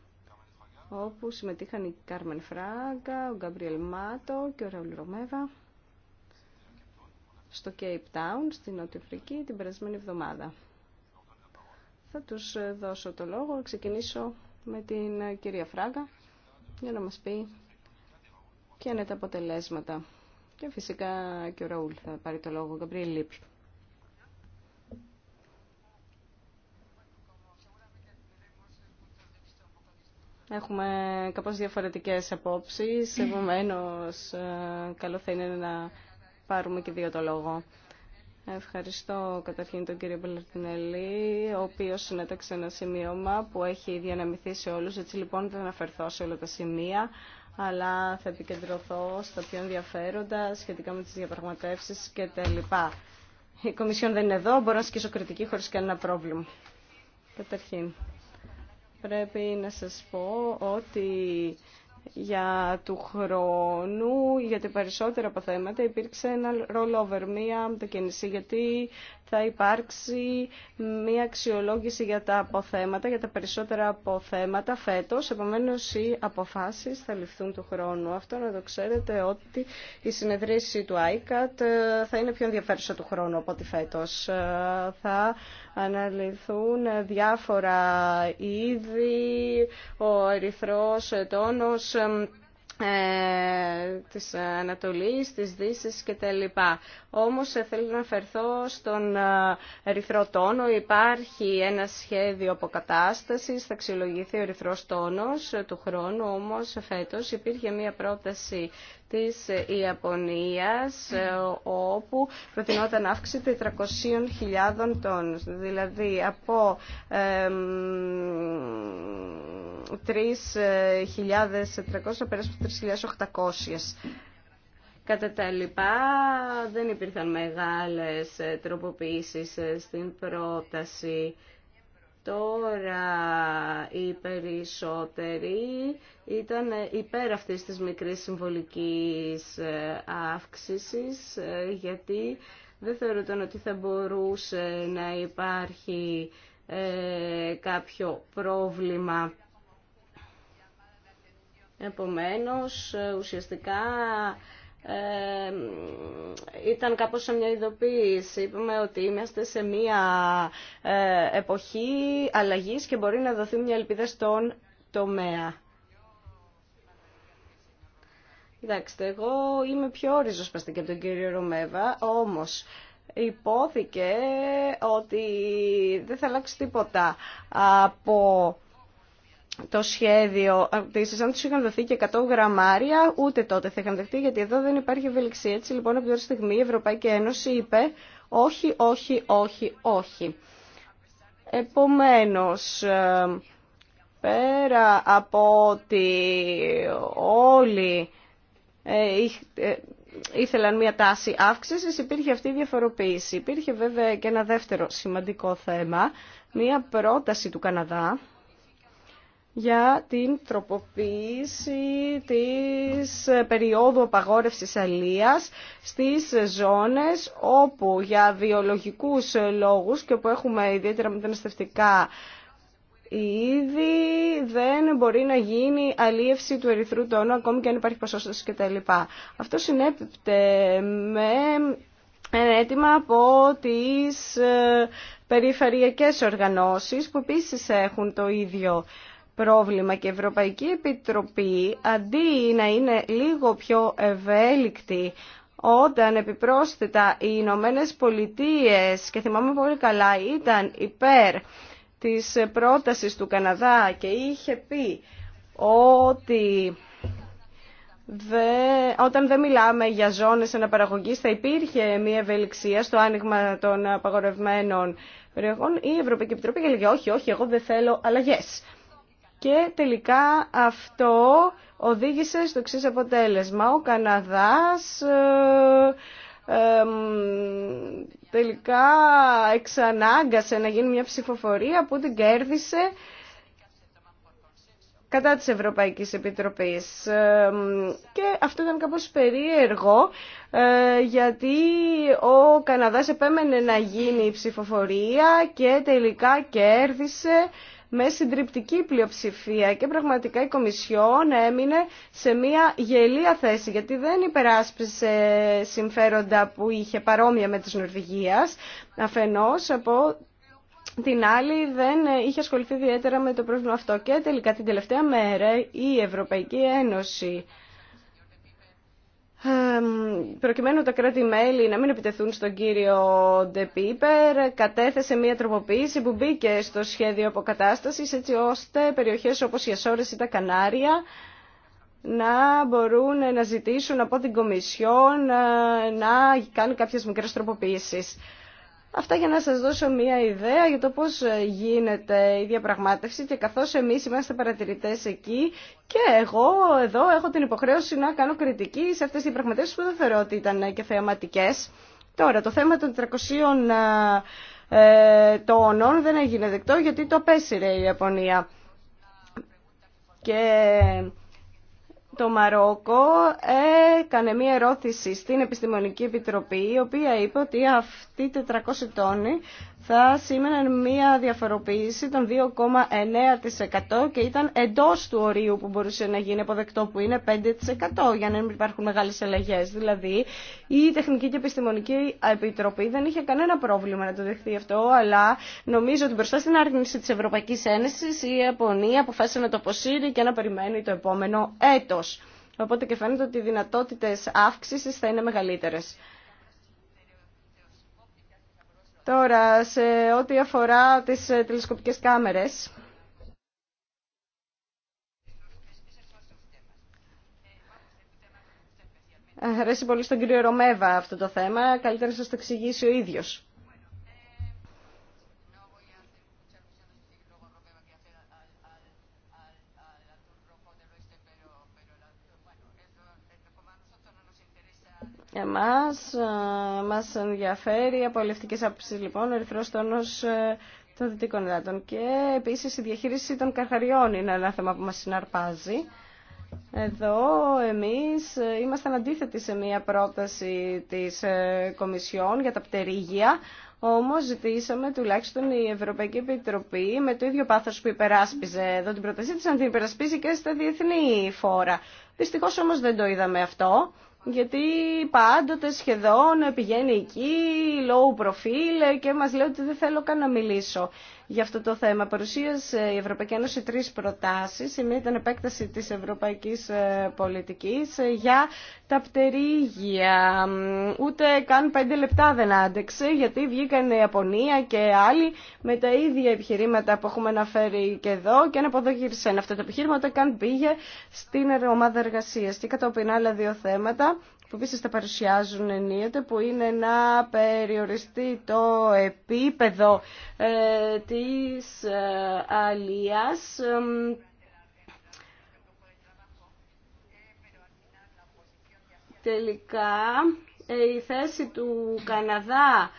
όπου συμμετείχαν η Κάρμεν Φράγκα, ο Γκαμπριελ Μάτο και ο Ραουλ Ρομέβα στο Cape Town, στην Νότια Αφρική, την περασμένη εβδομάδα. Θα τους δώσω το λόγο, ξεκινήσω με την κυρία Φράγκα για να μας πει ποια είναι τα αποτελέσματα. Και φυσικά και ο Ραούλ θα πάρει το λόγο, ο Γκαμπριελ Έχουμε κάπως διαφορετικές απόψεις, επομένω ε, καλό θα είναι να πάρουμε και δύο το λόγο. Ευχαριστώ καταρχήν τον κύριο Μπελαρτινέλη, ο οποίος συνέταξε ένα σημείωμα που έχει διαναμηθεί σε όλους, έτσι λοιπόν δεν αναφερθώ σε όλα τα σημεία, αλλά θα επικεντρωθώ στα πιο ενδιαφέροντα σχετικά με τις διαπραγματεύσεις και τα λοιπά. Η Κομισιόν δεν είναι εδώ, μπορώ να σκίσω κριτική χωρίς κανένα πρόβλημα. Καταρχήν, Πρέπει να σας πω ότι για του χρόνου, για τα περισσότερα από θέματα, υπήρξε ένα rollover, μία μετακίνηση, γιατί θα υπάρξει μία αξιολόγηση για τα αποθέματα, για τα περισσότερα αποθέματα φέτος. Επομένως, οι αποφάσεις θα ληφθούν του χρόνου. Αυτό να το ξέρετε ότι η συνεδρίαση του ICAT ε, θα είναι πιο ενδιαφέρουσα του χρόνου από ότι φέτος. Ε, θα αναλυθούν διάφορα είδη, ο ερυθρός τόνος, ε, ε, της Ανατολής, της Δύσης κτλ. Όμως ε, θέλω να αφαιρθώ στον ε, ερυθρό τόνο. Υπάρχει ένα σχέδιο αποκατάστασης, θα αξιολογηθεί ο ερυθρός τόνος ε, του χρόνου, όμως φέτος υπήρχε μια πρόταση της Ιαπωνίας όπου προτινόταν αύξηση 400.000 τόνους, Δηλαδή από 3.300 περίπου 3.800. Κατά τα λοιπά δεν υπήρχαν μεγάλες τροποποιήσεις στην πρόταση. Τώρα οι περισσότεροι ήταν υπέρ αυτής της μικρής συμβολικής ε, αύξησης ε, γιατί δεν θεωρούταν ότι θα μπορούσε να υπάρχει ε, κάποιο πρόβλημα. Επομένως, ουσιαστικά ήταν κάπως σε μια ειδοποίηση. Είπαμε ότι είμαστε σε μια ε, εποχή αλλαγής και μπορεί να δοθεί μια ελπίδα στον τομέα. εγώ είμαι πιο ριζοσπαστική από τον κύριο Ρωμέβα, όμως υπόθηκε ότι δεν θα αλλάξει τίποτα από το σχέδιο αν του είχαν δοθεί και 100 γραμμάρια, ούτε τότε θα είχαν δεχτεί, γιατί εδώ δεν υπάρχει ευελιξία. Έτσι λοιπόν, από την στιγμή η Ευρωπαϊκή Ένωση είπε όχι, όχι, όχι, όχι. Επομένως, ε, πέρα από ότι όλοι ε, ε, ήθελαν μια τάση αύξησης, υπήρχε αυτή η διαφοροποίηση. Υπήρχε βέβαια και ένα δεύτερο σημαντικό θέμα, μια πρόταση του Καναδά, για την τροποποίηση της περίοδου απαγόρευσης αλίας στις ζώνες όπου για βιολογικούς λόγους και όπου έχουμε ιδιαίτερα μεταναστευτικά ήδη δεν μπορεί να γίνει αλίευση του ερυθρού τόνου ακόμη και αν υπάρχει ποσόστοση κτλ. Αυτό συνέπτε με έτοιμα από τις ε, περιφερειακές οργανώσεις που επίσης έχουν το ίδιο πρόβλημα και η Ευρωπαϊκή Επιτροπή αντί να είναι λίγο πιο ευέλικτη όταν επιπρόσθετα οι Ηνωμένε Πολιτείε και θυμάμαι πολύ καλά ήταν υπέρ της πρότασης του Καναδά και είχε πει ότι όταν δεν μιλάμε για ζώνες αναπαραγωγής θα υπήρχε μια ευελιξία στο άνοιγμα των απαγορευμένων περιοχών η Ευρωπαϊκή Επιτροπή έλεγε όχι, όχι, εγώ δεν θέλω αλλαγές. Και τελικά αυτό οδήγησε στο εξή αποτέλεσμα. Ο Καναδάς ε, τελικά εξανάγκασε να γίνει μια ψηφοφορία που την κέρδισε κατά της Ευρωπαϊκής Επιτροπής. Και αυτό ήταν κάπως περίεργο, ε, γιατί ο Καναδάς επέμενε να γίνει η ψηφοφορία και τελικά κέρδισε με συντριπτική πλειοψηφία και πραγματικά η Κομισιόν έμεινε σε μια γελία θέση γιατί δεν υπεράσπισε συμφέροντα που είχε παρόμοια με της Νορβηγίας αφενός από την άλλη δεν είχε ασχοληθεί ιδιαίτερα με το πρόβλημα αυτό και τελικά την τελευταία μέρα η Ευρωπαϊκή Ένωση προκειμένου τα κράτη-μέλη να μην επιτεθούν στον κύριο Ντεπίπερ, κατέθεσε μια τροποποίηση που μπήκε στο σχέδιο αποκατάστασης έτσι ώστε περιοχές όπως η Ασόρες ή τα Κανάρια να μπορούν να ζητήσουν από την Κομισιόν ε, να κάνει κάποιες μικρές τροποποίησεις. Αυτά για να σας δώσω μια ιδέα για το πώς γίνεται η διαπραγμάτευση και καθώς εμείς είμαστε παρατηρητές εκεί και εγώ εδώ έχω την υποχρέωση να κάνω κριτική σε αυτές τις διαπραγματεύσεις που δεν θεωρώ ότι ήταν και θεαματικές. Τώρα, το θέμα των 300 ε, τόνων δεν έγινε δεκτό γιατί το απέσυρε η Ιαπωνία. Και το Μαρόκο έκανε μία ερώτηση στην Επιστημονική Επιτροπή, η οποία είπε ότι αυτή 400 τόνοι θα σήμαινε μία διαφοροποίηση των 2,9% και ήταν εντός του ορίου που μπορούσε να γίνει αποδεκτό που είναι 5% για να μην υπάρχουν μεγάλες αλλαγέ. Δηλαδή η Τεχνική και Επιστημονική Επιτροπή δεν είχε κανένα πρόβλημα να το δεχθεί αυτό, αλλά νομίζω ότι μπροστά στην άρνηση της Ευρωπαϊκής Ένωσης η Ιαπωνία αποφάσισε να το αποσύρει και να περιμένει το επόμενο έτος. Οπότε και φαίνεται ότι οι δυνατότητες αύξησης θα είναι μεγαλύτερες. Τώρα, σε ό,τι αφορά τις ε, τηλεσκοπικές κάμερες, ε, αρέσει πολύ στον κύριο Ρωμέβα αυτό το θέμα, καλύτερα να σας το εξηγήσει ο ίδιος. εμάς. Ε, μας ενδιαφέρει από ελευτικές άποψεις, λοιπόν ο ερυθρός τόνος ε, των δυτικών υδάτων. Και επίσης η διαχείριση των καρχαριών είναι ένα θέμα που μας συναρπάζει. Εδώ εμείς ε, ήμασταν αντίθετοι σε μια πρόταση της Κομισιόν για τα πτερίγια, όμως ζητήσαμε τουλάχιστον η Ευρωπαϊκή Επιτροπή με το ίδιο πάθος που υπεράσπιζε εδώ την πρότασή της να την υπερασπίζει και στα διεθνή φόρα. Δυστυχώς όμως δεν το είδαμε αυτό γιατί πάντοτε σχεδόν πηγαίνει εκεί, low profile και μας λέει ότι δεν θέλω καν να μιλήσω για αυτό το θέμα. Παρουσίασε η Ευρωπαϊκή Ένωση τρει προτάσει Η μία ήταν επέκταση τη Ευρωπαϊκή ε, Πολιτική ε, για τα πτερίγια. Ούτε καν πέντε λεπτά δεν άντεξε γιατί βγήκαν η Ιαπωνία και άλλοι με τα ίδια επιχειρήματα που έχουμε αναφέρει και εδώ και ένα από αυτό το επιχείρημα όταν καν πήγε στην ομάδα εργασία. Και κατόπιν άλλα δύο θέματα που τα παρουσιάζουν ενίοτε, που είναι να περιοριστεί το επίπεδο ε, της ε, αλίας τελικά ε, η θέση του Καναδά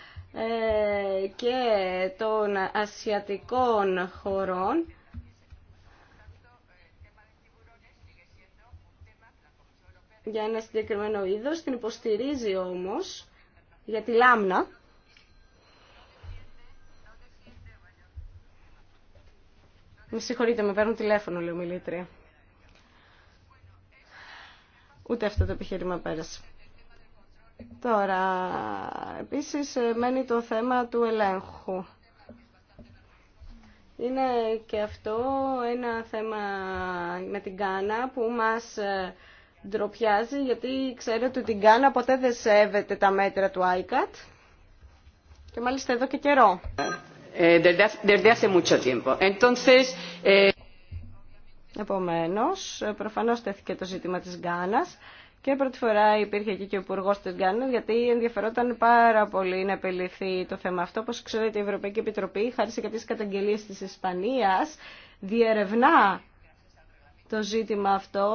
και των ασιατικών χωρών για ένα συγκεκριμένο είδος, την υποστηρίζει όμως για τη λάμνα. Με συγχωρείτε, με παίρνουν τηλέφωνο, λέει ο μιλήτρια. Ούτε αυτό το επιχείρημα πέρασε. Τώρα, επίσης, μένει το θέμα του ελέγχου. Είναι και αυτό ένα θέμα με την Κάνα που μας ε, ντροπιάζει γιατί ξέρετε ότι την Κάνα ποτέ δεν σέβεται τα μέτρα του ICAT και μάλιστα εδώ και καιρό. Ε, ε, Επομένως, προφανώς τέθηκε το ζήτημα της Γκάνας και πρώτη φορά υπήρχε εκεί και ο Υπουργό τη Γκάνας γιατί ενδιαφερόταν πάρα πολύ να επελυθεί το θέμα αυτό. Όπω ξέρετε, η Ευρωπαϊκή Επιτροπή, χάρη σε κάποιε καταγγελίε τη Ισπανία, διερευνά το ζήτημα αυτό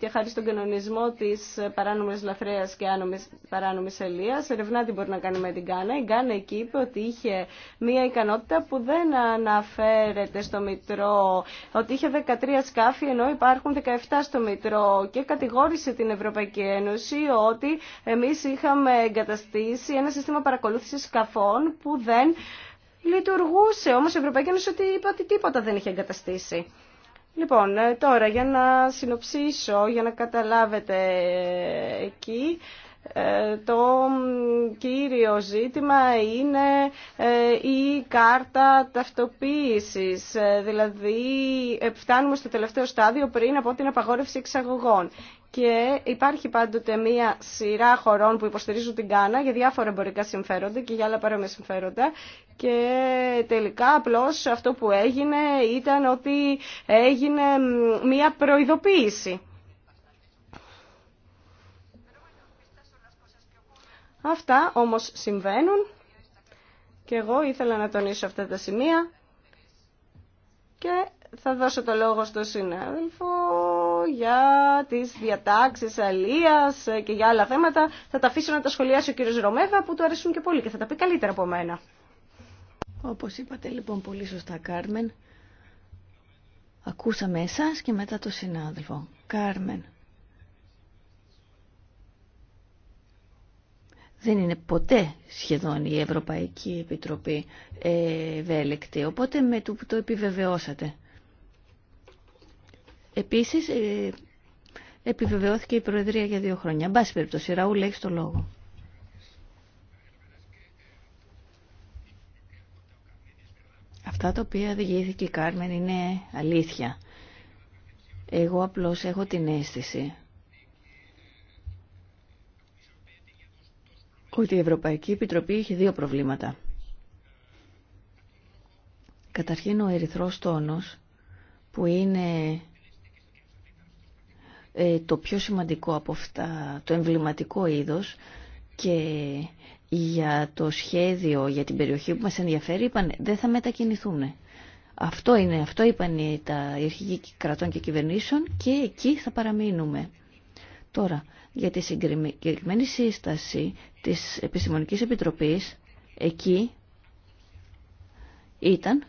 και χάρη στον κανονισμό της παράνομης λαφρέας και άνομης, παράνομης ερευνά τι μπορεί να κάνει με την Γκάνα. Η Γκάνα εκεί είπε ότι είχε μία ικανότητα που δεν αναφέρεται στο Μητρό, ότι είχε 13 σκάφη ενώ υπάρχουν 17 στο Μητρό και κατηγόρησε την Ευρωπαϊκή Ένωση ότι εμείς είχαμε εγκαταστήσει ένα σύστημα παρακολούθηση σκαφών που δεν λειτουργούσε. Όμως η Ευρωπαϊκή Ένωση ότι είπε ότι τίποτα δεν είχε εγκαταστήσει. Λοιπόν, ε, τώρα για να συνοψίσω, για να καταλάβετε εκεί, ε, το κύριο ζήτημα είναι ε, η κάρτα ταυτοποίησης, δηλαδή φτάνουμε στο τελευταίο στάδιο πριν από την απαγόρευση εξαγωγών και υπάρχει πάντοτε μία σειρά χωρών που υποστηρίζουν την Κάνα για διάφορα εμπορικά συμφέροντα και για άλλα παρόμοια συμφέροντα και τελικά απλώς αυτό που έγινε ήταν ότι έγινε μία προειδοποίηση. Αυτά όμως συμβαίνουν και εγώ ήθελα να τονίσω αυτά τα σημεία και θα δώσω το λόγο στο συνάδελφο για τι διατάξει αλίας και για άλλα θέματα. Θα τα αφήσω να τα σχολιάσει ο κύριο Ρωμέβα που του αρέσουν και πολύ και θα τα πει καλύτερα από μένα. Όπως είπατε λοιπόν πολύ σωστά Κάρμεν, ακούσαμε εσά και μετά το συνάδελφο. Κάρμεν, δεν είναι ποτέ σχεδόν η Ευρωπαϊκή Επιτροπή ε, ευέλικτη, οπότε με το που το επιβεβαιώσατε. Επίσης, ε, επιβεβαιώθηκε η Προεδρία για δύο χρόνια. Εν πάση περιπτώσει, Ραούλ, το λόγο. Αυτά τα οποία διηγήθηκε η Κάρμεν είναι αλήθεια. Εγώ απλώς έχω την αίσθηση ότι η Ευρωπαϊκή Επιτροπή έχει δύο προβλήματα. Καταρχήν ο ερυθρός τόνος που είναι ε, το πιο σημαντικό από αυτά, το εμβληματικό είδος και για το σχέδιο για την περιοχή που μας ενδιαφέρει είπαν δεν θα μετακινηθούν. Αυτό είναι, αυτό είπαν τα αρχηγοί κρατών και κυβερνήσεων και εκεί θα παραμείνουμε. Τώρα, για τη συγκεκριμένη σύσταση της Επιστημονικής Επιτροπής, εκεί ήταν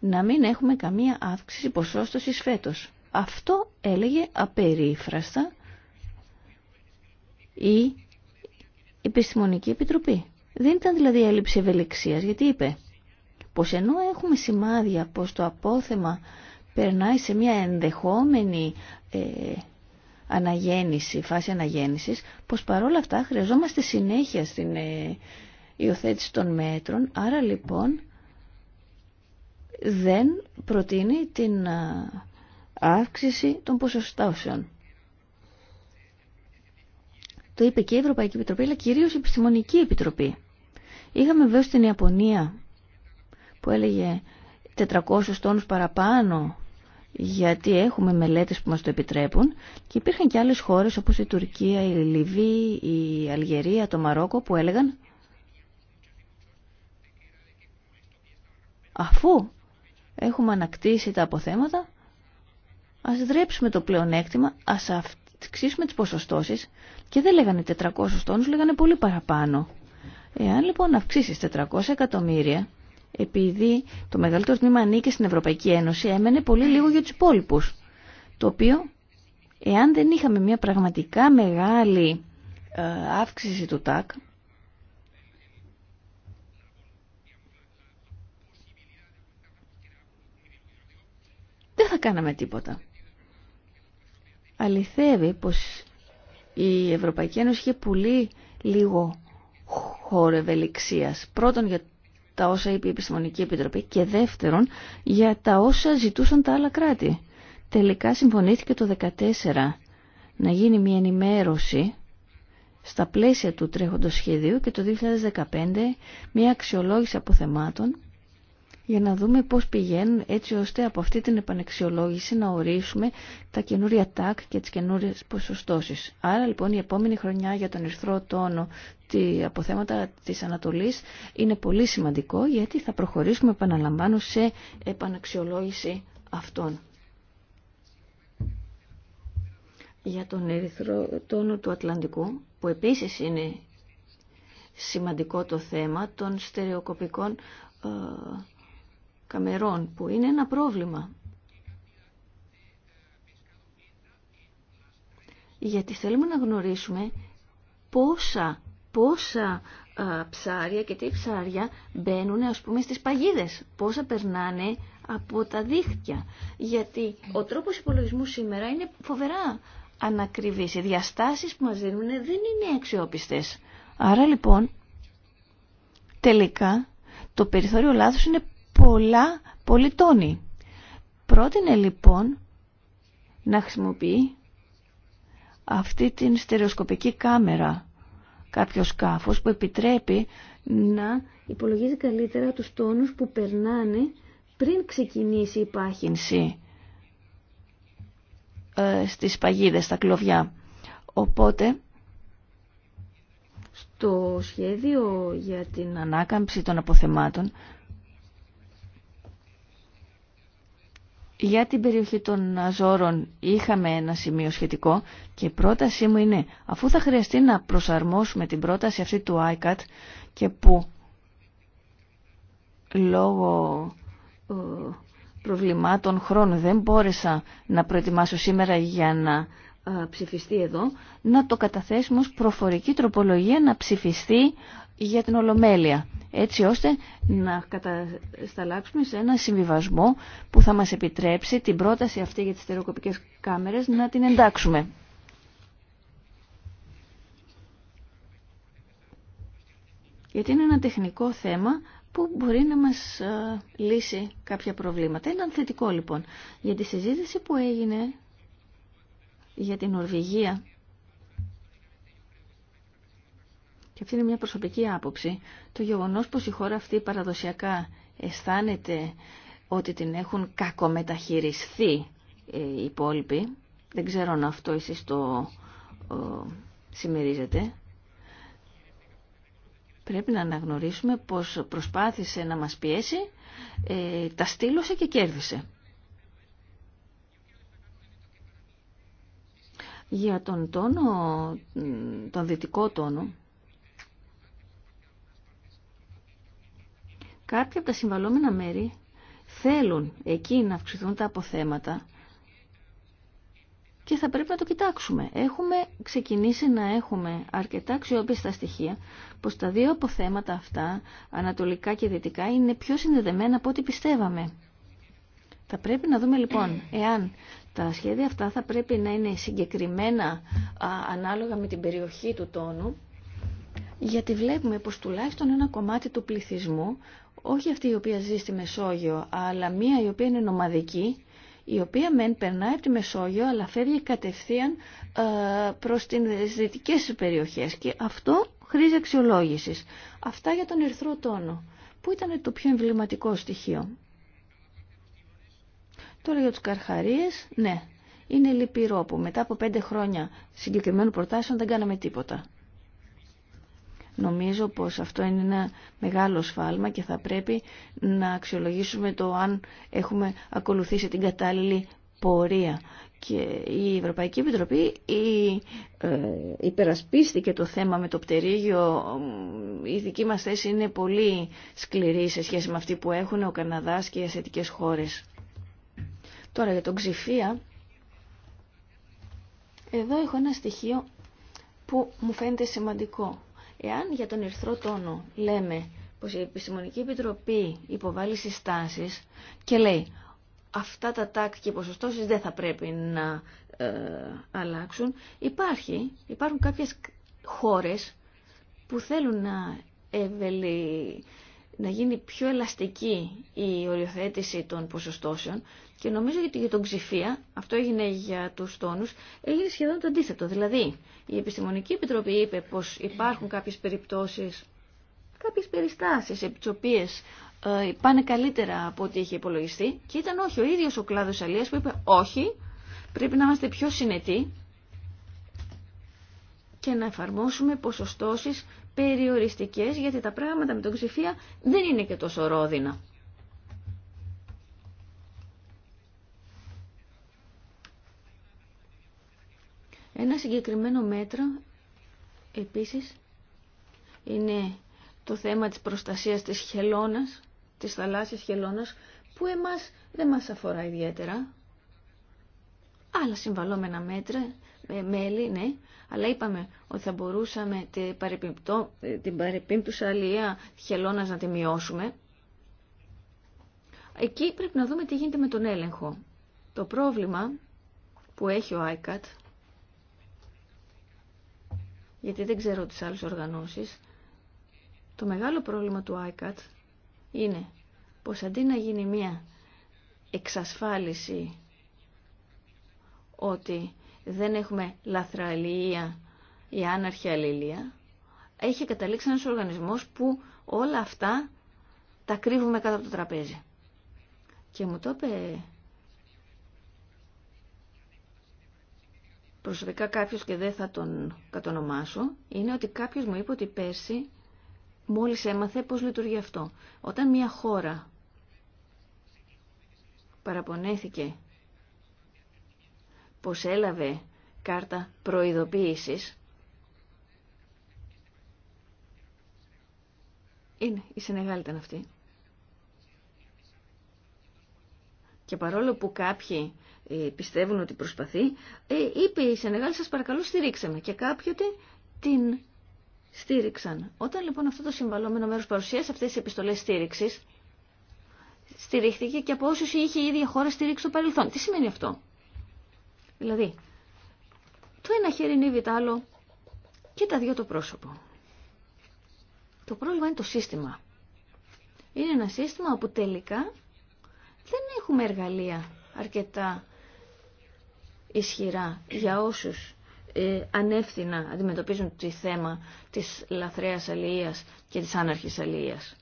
να μην έχουμε καμία αύξηση ποσόστοσης φέτος. Αυτό έλεγε απερίφραστα η Επιστημονική Επιτροπή. Δεν ήταν δηλαδή έλλειψη ευελιξίας, γιατί είπε πως ενώ έχουμε σημάδια πως το απόθεμα περνάει σε μια ενδεχόμενη ε, αναγέννηση, φάση αναγέννησης, πως παρόλα αυτά χρειαζόμαστε συνέχεια στην ε, υιοθέτηση των μέτρων, άρα λοιπόν δεν προτείνει την αύξηση των ποσοστώσεων. Το είπε και η Ευρωπαϊκή Επιτροπή, αλλά κυρίως η Επιστημονική Επιτροπή. Είχαμε βέβαια στην Ιαπωνία που έλεγε 400 τόνους παραπάνω γιατί έχουμε μελέτες που μας το επιτρέπουν και υπήρχαν και άλλες χώρες όπως η Τουρκία, η Λιβύη, η Αλγερία, το Μαρόκο που έλεγαν αφού έχουμε ανακτήσει τα αποθέματα ας δρέψουμε το πλεονέκτημα, ας αυξήσουμε τις ποσοστώσεις και δεν λέγανε 400 τόνους, λέγανε πολύ παραπάνω. Εάν λοιπόν αυξήσεις 400 εκατομμύρια, επειδή το μεγαλύτερο τμήμα ανήκε στην Ευρωπαϊκή Ένωση, έμενε πολύ λίγο για τους υπόλοιπους. Το οποίο, εάν δεν είχαμε μια πραγματικά μεγάλη ε, αύξηση του ΤΑΚ, δεν θα κάναμε τίποτα αληθεύει πως η Ευρωπαϊκή Ένωση είχε πολύ λίγο χώρο ευελιξίας. Πρώτον για τα όσα είπε η Επιστημονική Επιτροπή και δεύτερον για τα όσα ζητούσαν τα άλλα κράτη. Τελικά συμφωνήθηκε το 2014 να γίνει μια ενημέρωση στα πλαίσια του τρέχοντος σχεδίου και το 2015 μια αξιολόγηση αποθεμάτων για να δούμε πώς πηγαίνουν έτσι ώστε από αυτή την επανεξιολόγηση να ορίσουμε τα καινούρια τάκ και τις καινούριες ποσοστώσεις. Άρα λοιπόν η επόμενη χρονιά για τον ερθρό τόνο από θέματα της Ανατολής είναι πολύ σημαντικό γιατί θα προχωρήσουμε επαναλαμβάνω σε επανεξιολόγηση αυτών. Για τον ερυθρό τόνο του Ατλαντικού που επίσης είναι σημαντικό το θέμα των στερεοκοπικών ε, Καμερών, που είναι ένα πρόβλημα. Γιατί θέλουμε να γνωρίσουμε πόσα, πόσα ψάρια και τι ψάρια μπαίνουν, ας πούμε, στις παγίδες. Πόσα περνάνε από τα δίχτυα. Γιατί ο τρόπος υπολογισμού σήμερα είναι φοβερά ανακριβής. Οι διαστάσεις που μας δίνουν δεν είναι αξιόπιστες. Άρα λοιπόν, τελικά, το περιθώριο λάθος είναι πολλά πολυτόνι. Πρότεινε λοιπόν να χρησιμοποιεί αυτή την στερεοσκοπική κάμερα κάποιο σκάφος που επιτρέπει να υπολογίζει καλύτερα τους τόνους που περνάνε πριν ξεκινήσει η πάχυνση ε, στις παγίδες, στα κλωβιά. Οπότε, στο σχέδιο για την ανάκαμψη των αποθεμάτων Για την περιοχή των Αζόρων είχαμε ένα σημείο σχετικό και η πρότασή μου είναι αφού θα χρειαστεί να προσαρμόσουμε την πρόταση αυτή του ICAT και που λόγω ε, προβλημάτων χρόνου δεν μπόρεσα να προετοιμάσω σήμερα για να ε, ψηφιστεί εδώ, να το καταθέσουμε ως προφορική τροπολογία να ψηφιστεί για την Ολομέλεια έτσι ώστε να κατασταλάξουμε σε ένα συμβιβασμό που θα μας επιτρέψει την πρόταση αυτή για τις στερεοκοπικές κάμερες να την εντάξουμε. Γιατί είναι ένα τεχνικό θέμα που μπορεί να μας ε, λύσει κάποια προβλήματα. Ένα θετικό λοιπόν για τη συζήτηση που έγινε για την Ορβηγία και αυτή είναι μια προσωπική άποψη, το γεγονός πως η χώρα αυτή παραδοσιακά αισθάνεται ότι την έχουν κακομεταχειριστεί ε, οι υπόλοιποι, δεν ξέρω αν αυτό εσείς το ε, συμμερίζετε, πρέπει να αναγνωρίσουμε πως προσπάθησε να μας πιέσει, ε, τα στήλωσε και κέρδισε. Για τον τόνο, τον δυτικό τόνο, Κάποια από τα συμβαλόμενα μέρη θέλουν εκεί να αυξηθούν τα αποθέματα και θα πρέπει να το κοιτάξουμε. Έχουμε ξεκινήσει να έχουμε αρκετά αξιόπιστα στοιχεία πως τα δύο αποθέματα αυτά, ανατολικά και δυτικά, είναι πιο συνδεδεμένα από ό,τι πιστεύαμε. Θα πρέπει να δούμε λοιπόν εάν τα σχέδια αυτά θα πρέπει να είναι συγκεκριμένα ανάλογα με την περιοχή του τόνου γιατί βλέπουμε πως τουλάχιστον ένα κομμάτι του πληθυσμού όχι αυτή η οποία ζει στη Μεσόγειο, αλλά μία η οποία είναι νομαδική, η οποία μεν περνάει από τη Μεσόγειο, αλλά φεύγει κατευθείαν ε, προς τις δυτικές περιοχές και αυτό χρήζει αξιολόγηση. Αυτά για τον ερθρό τόνο. Πού ήταν το πιο εμβληματικό στοιχείο. Τώρα για τους καρχαρίες, ναι, είναι λυπηρό που μετά από πέντε χρόνια συγκεκριμένων προτάσεων δεν κάναμε τίποτα. Νομίζω πως αυτό είναι ένα μεγάλο σφάλμα και θα πρέπει να αξιολογήσουμε το αν έχουμε ακολουθήσει την κατάλληλη πορεία. Και η Ευρωπαϊκή Επιτροπή ε, υπερασπίστηκε το θέμα με το πτερίγιο. Η δική μας θέση είναι πολύ σκληρή σε σχέση με αυτή που έχουν ο Καναδάς και οι ασιατικές χώρες. Τώρα για τον Ξηφία, εδώ έχω ένα στοιχείο που μου φαίνεται σημαντικό. Εάν για τον ερθρό τόνο λέμε πως η Επιστημονική Επιτροπή υποβάλλει συστάσεις και λέει αυτά τα τάκ και ποσοστώσεις δεν θα πρέπει να ε, αλλάξουν, υπάρχει, υπάρχουν κάποιες χώρες που θέλουν να ευελι να γίνει πιο ελαστική η οριοθέτηση των ποσοστώσεων και νομίζω ότι για τον Ξηφία, αυτό έγινε για τους τόνους, έγινε σχεδόν το αντίθετο. Δηλαδή, η Επιστημονική Επιτροπή είπε πως υπάρχουν κάποιες περιπτώσεις, κάποιες περιστάσεις επί τις οποίες ε, πάνε καλύτερα από ό,τι είχε υπολογιστεί και ήταν όχι ο ίδιος ο κλάδος αλίας που είπε όχι, πρέπει να είμαστε πιο συνετοί και να εφαρμόσουμε ποσοστώσεις περιοριστικές γιατί τα πράγματα με τον ξηφία δεν είναι και τόσο ρόδινα. Ένα συγκεκριμένο μέτρο επίσης είναι το θέμα της προστασίας της χελώνας, της θαλάσσιας χελώνας που εμάς δεν μας αφορά ιδιαίτερα. Άλλα συμβαλόμενα μέτρα ε, μέλη, ναι, αλλά είπαμε ότι θα μπορούσαμε ε, την παρεπίπτουσα αλληλεία χελώνας να τη μειώσουμε. Εκεί πρέπει να δούμε τι γίνεται με τον έλεγχο. Το πρόβλημα που έχει ο ICAT, γιατί δεν ξέρω τις άλλες οργανώσεις, το μεγάλο πρόβλημα του ICAT είναι πως αντί να γίνει μία εξασφάλιση ότι δεν έχουμε λαθραλία ή άναρχη αλληλεία. Έχει καταλήξει ένας οργανισμός που όλα αυτά τα κρύβουμε κάτω από το τραπέζι. Και μου το είπε προσωπικά κάποιος και δεν θα τον κατονομάσω, είναι ότι κάποιος μου είπε ότι πέρσι μόλις έμαθε πώς λειτουργεί αυτό. Όταν μια χώρα παραπονέθηκε πως έλαβε κάρτα προειδοποίησης. Είναι, η Σενεγάλη ήταν αυτή. Και παρόλο που κάποιοι ε, πιστεύουν ότι προσπαθεί, ε, είπε η Σενεγάλη σας παρακαλώ στηρίξε με. Και κάποιοι την στήριξαν. Όταν λοιπόν αυτό το συμβαλόμενο μέρος παρουσίασε αυτές τις επιστολές στήριξης, στηρίχθηκε και από όσους είχε η ίδια χώρα στηρίξει στο παρελθόν. Τι σημαίνει αυτό. Δηλαδή, το ένα χέρι είναι το και τα δύο το πρόσωπο. Το πρόβλημα είναι το σύστημα. Είναι ένα σύστημα όπου τελικά δεν έχουμε εργαλεία αρκετά ισχυρά για όσους ε, ανεύθυνα αντιμετωπίζουν το θέμα της λαθρέας αλληλείας και της άναρχης αλληλείας.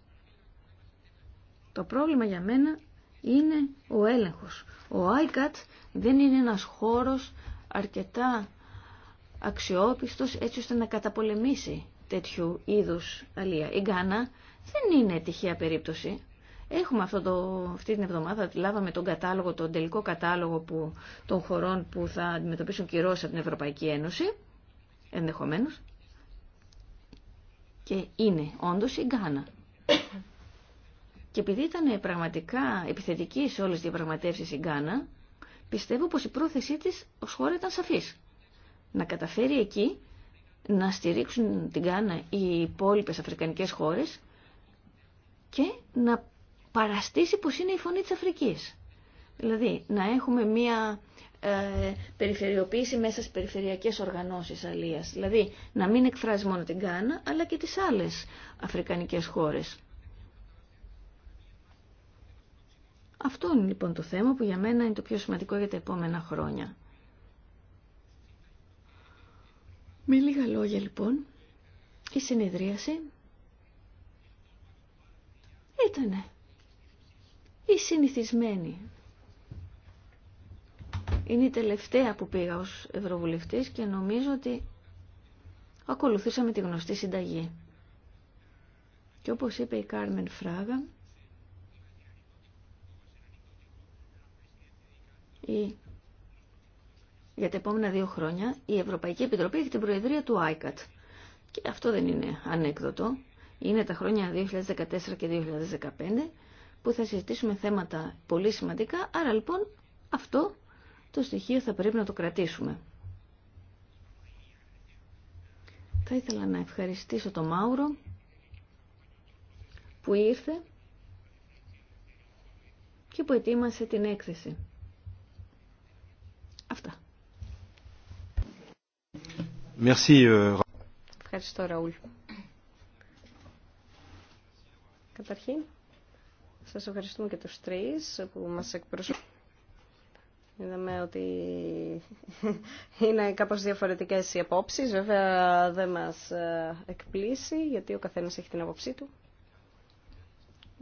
Το πρόβλημα για μένα είναι ο έλεγχος. Ο ICAT δεν είναι ένας χώρος αρκετά αξιόπιστος έτσι ώστε να καταπολεμήσει τέτοιου είδους αλία. Η Γκάνα δεν είναι τυχαία περίπτωση. Έχουμε αυτό το, αυτή την εβδομάδα, λάβαμε τον κατάλογο, τον τελικό κατάλογο που, των χωρών που θα αντιμετωπίσουν κυρώσει από την Ευρωπαϊκή Ένωση, ενδεχομένως. Και είναι όντως η Γκάνα. Και επειδή ήταν πραγματικά επιθετική σε όλες τις διαπραγματεύσεις η Γκάνα, Πιστεύω πως η πρόθεσή της ως χώρα ήταν σαφής. Να καταφέρει εκεί να στηρίξουν την Κάνα οι υπόλοιπες αφρικανικές χώρες και να παραστήσει πως είναι η φωνή της Αφρικής. Δηλαδή να έχουμε μία ε, περιφερειοποίηση μέσα στις περιφερειακές οργανώσεις αλίας. Δηλαδή να μην εκφράζει μόνο την Κάνα αλλά και τις άλλες αφρικανικές χώρες. Αυτό είναι λοιπόν το θέμα που για μένα είναι το πιο σημαντικό για τα επόμενα χρόνια. Με λίγα λόγια λοιπόν, η συνεδρίαση ήταν η συνηθισμένη. Είναι η τελευταία που πήγα ως Ευρωβουλευτής και νομίζω ότι ακολουθήσαμε τη γνωστή συνταγή. Και όπως είπε η Κάρμεν Φράγα, για τα επόμενα δύο χρόνια η Ευρωπαϊκή Επιτροπή έχει την Προεδρία του ICAT. Και αυτό δεν είναι ανέκδοτο. Είναι τα χρόνια 2014 και 2015 που θα συζητήσουμε θέματα πολύ σημαντικά, άρα λοιπόν αυτό το στοιχείο θα πρέπει να το κρατήσουμε. Θα ήθελα να ευχαριστήσω τον Μάουρο που ήρθε και που ετοίμασε την έκθεση. Αυτά. Merci. Euh, Ευχαριστώ, Ραούλ. Καταρχήν, σας ευχαριστούμε και τους τρεις που μας εκπροσωπούν. Είδαμε ότι είναι κάπως διαφορετικές οι απόψεις. Βέβαια δεν μας ε, εκπλήσει γιατί ο καθένας έχει την απόψή του.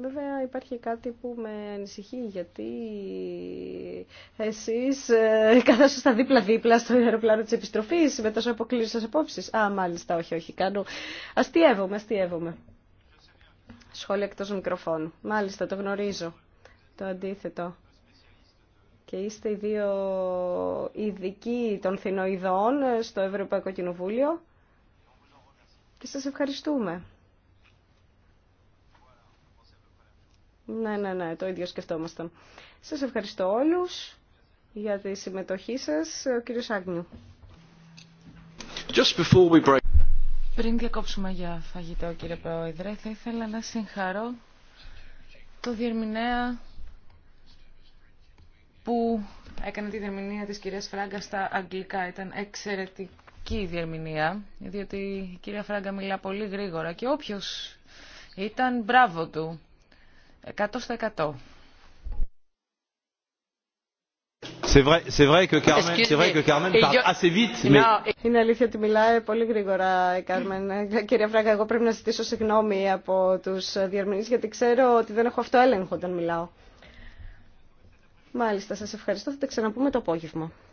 Βέβαια υπάρχει κάτι που με ανησυχεί γιατί εσείς ε, στα δίπλα-δίπλα στο αεροπλάνο της επιστροφής με τόσο αποκλείσεις απόψεις. Α, μάλιστα, όχι, όχι, κάνω. Αστιεύομαι, αστιεύομαι. Σχόλια εκτός μικροφώνου. Μάλιστα, το γνωρίζω. Το αντίθετο. Και είστε οι δύο ειδικοί των θηνοειδών στο Ευρωπαϊκό Κοινοβούλιο. Και σας ευχαριστούμε. Ναι, ναι, ναι, το ίδιο σκεφτόμασταν. Σας ευχαριστώ όλους για τη συμμετοχή σας. Ο κύριος Άγνιου. Just before we break... Πριν διακόψουμε για φαγητό, κύριε Πρόεδρε, θα ήθελα να συγχαρώ το διερμηνέα που έκανε τη διερμηνία της κυρίας Φράγκα στα αγγλικά. Ήταν εξαιρετική η διερμηνία, διότι η κυρία Φράγκα μιλά πολύ γρήγορα και όποιος ήταν μπράβο του. 100%. Είναι αλήθεια ότι μιλάει πολύ γρήγορα η Κάρμεν. Κυρία Βράγκα, εγώ πρέπει να ζητήσω συγγνώμη από του διαρμηνεί, γιατί ξέρω ότι δεν έχω αυτό έλεγχο όταν μιλάω. Μάλιστα, σα ευχαριστώ. Θα τα ξαναπούμε το απόγευμα.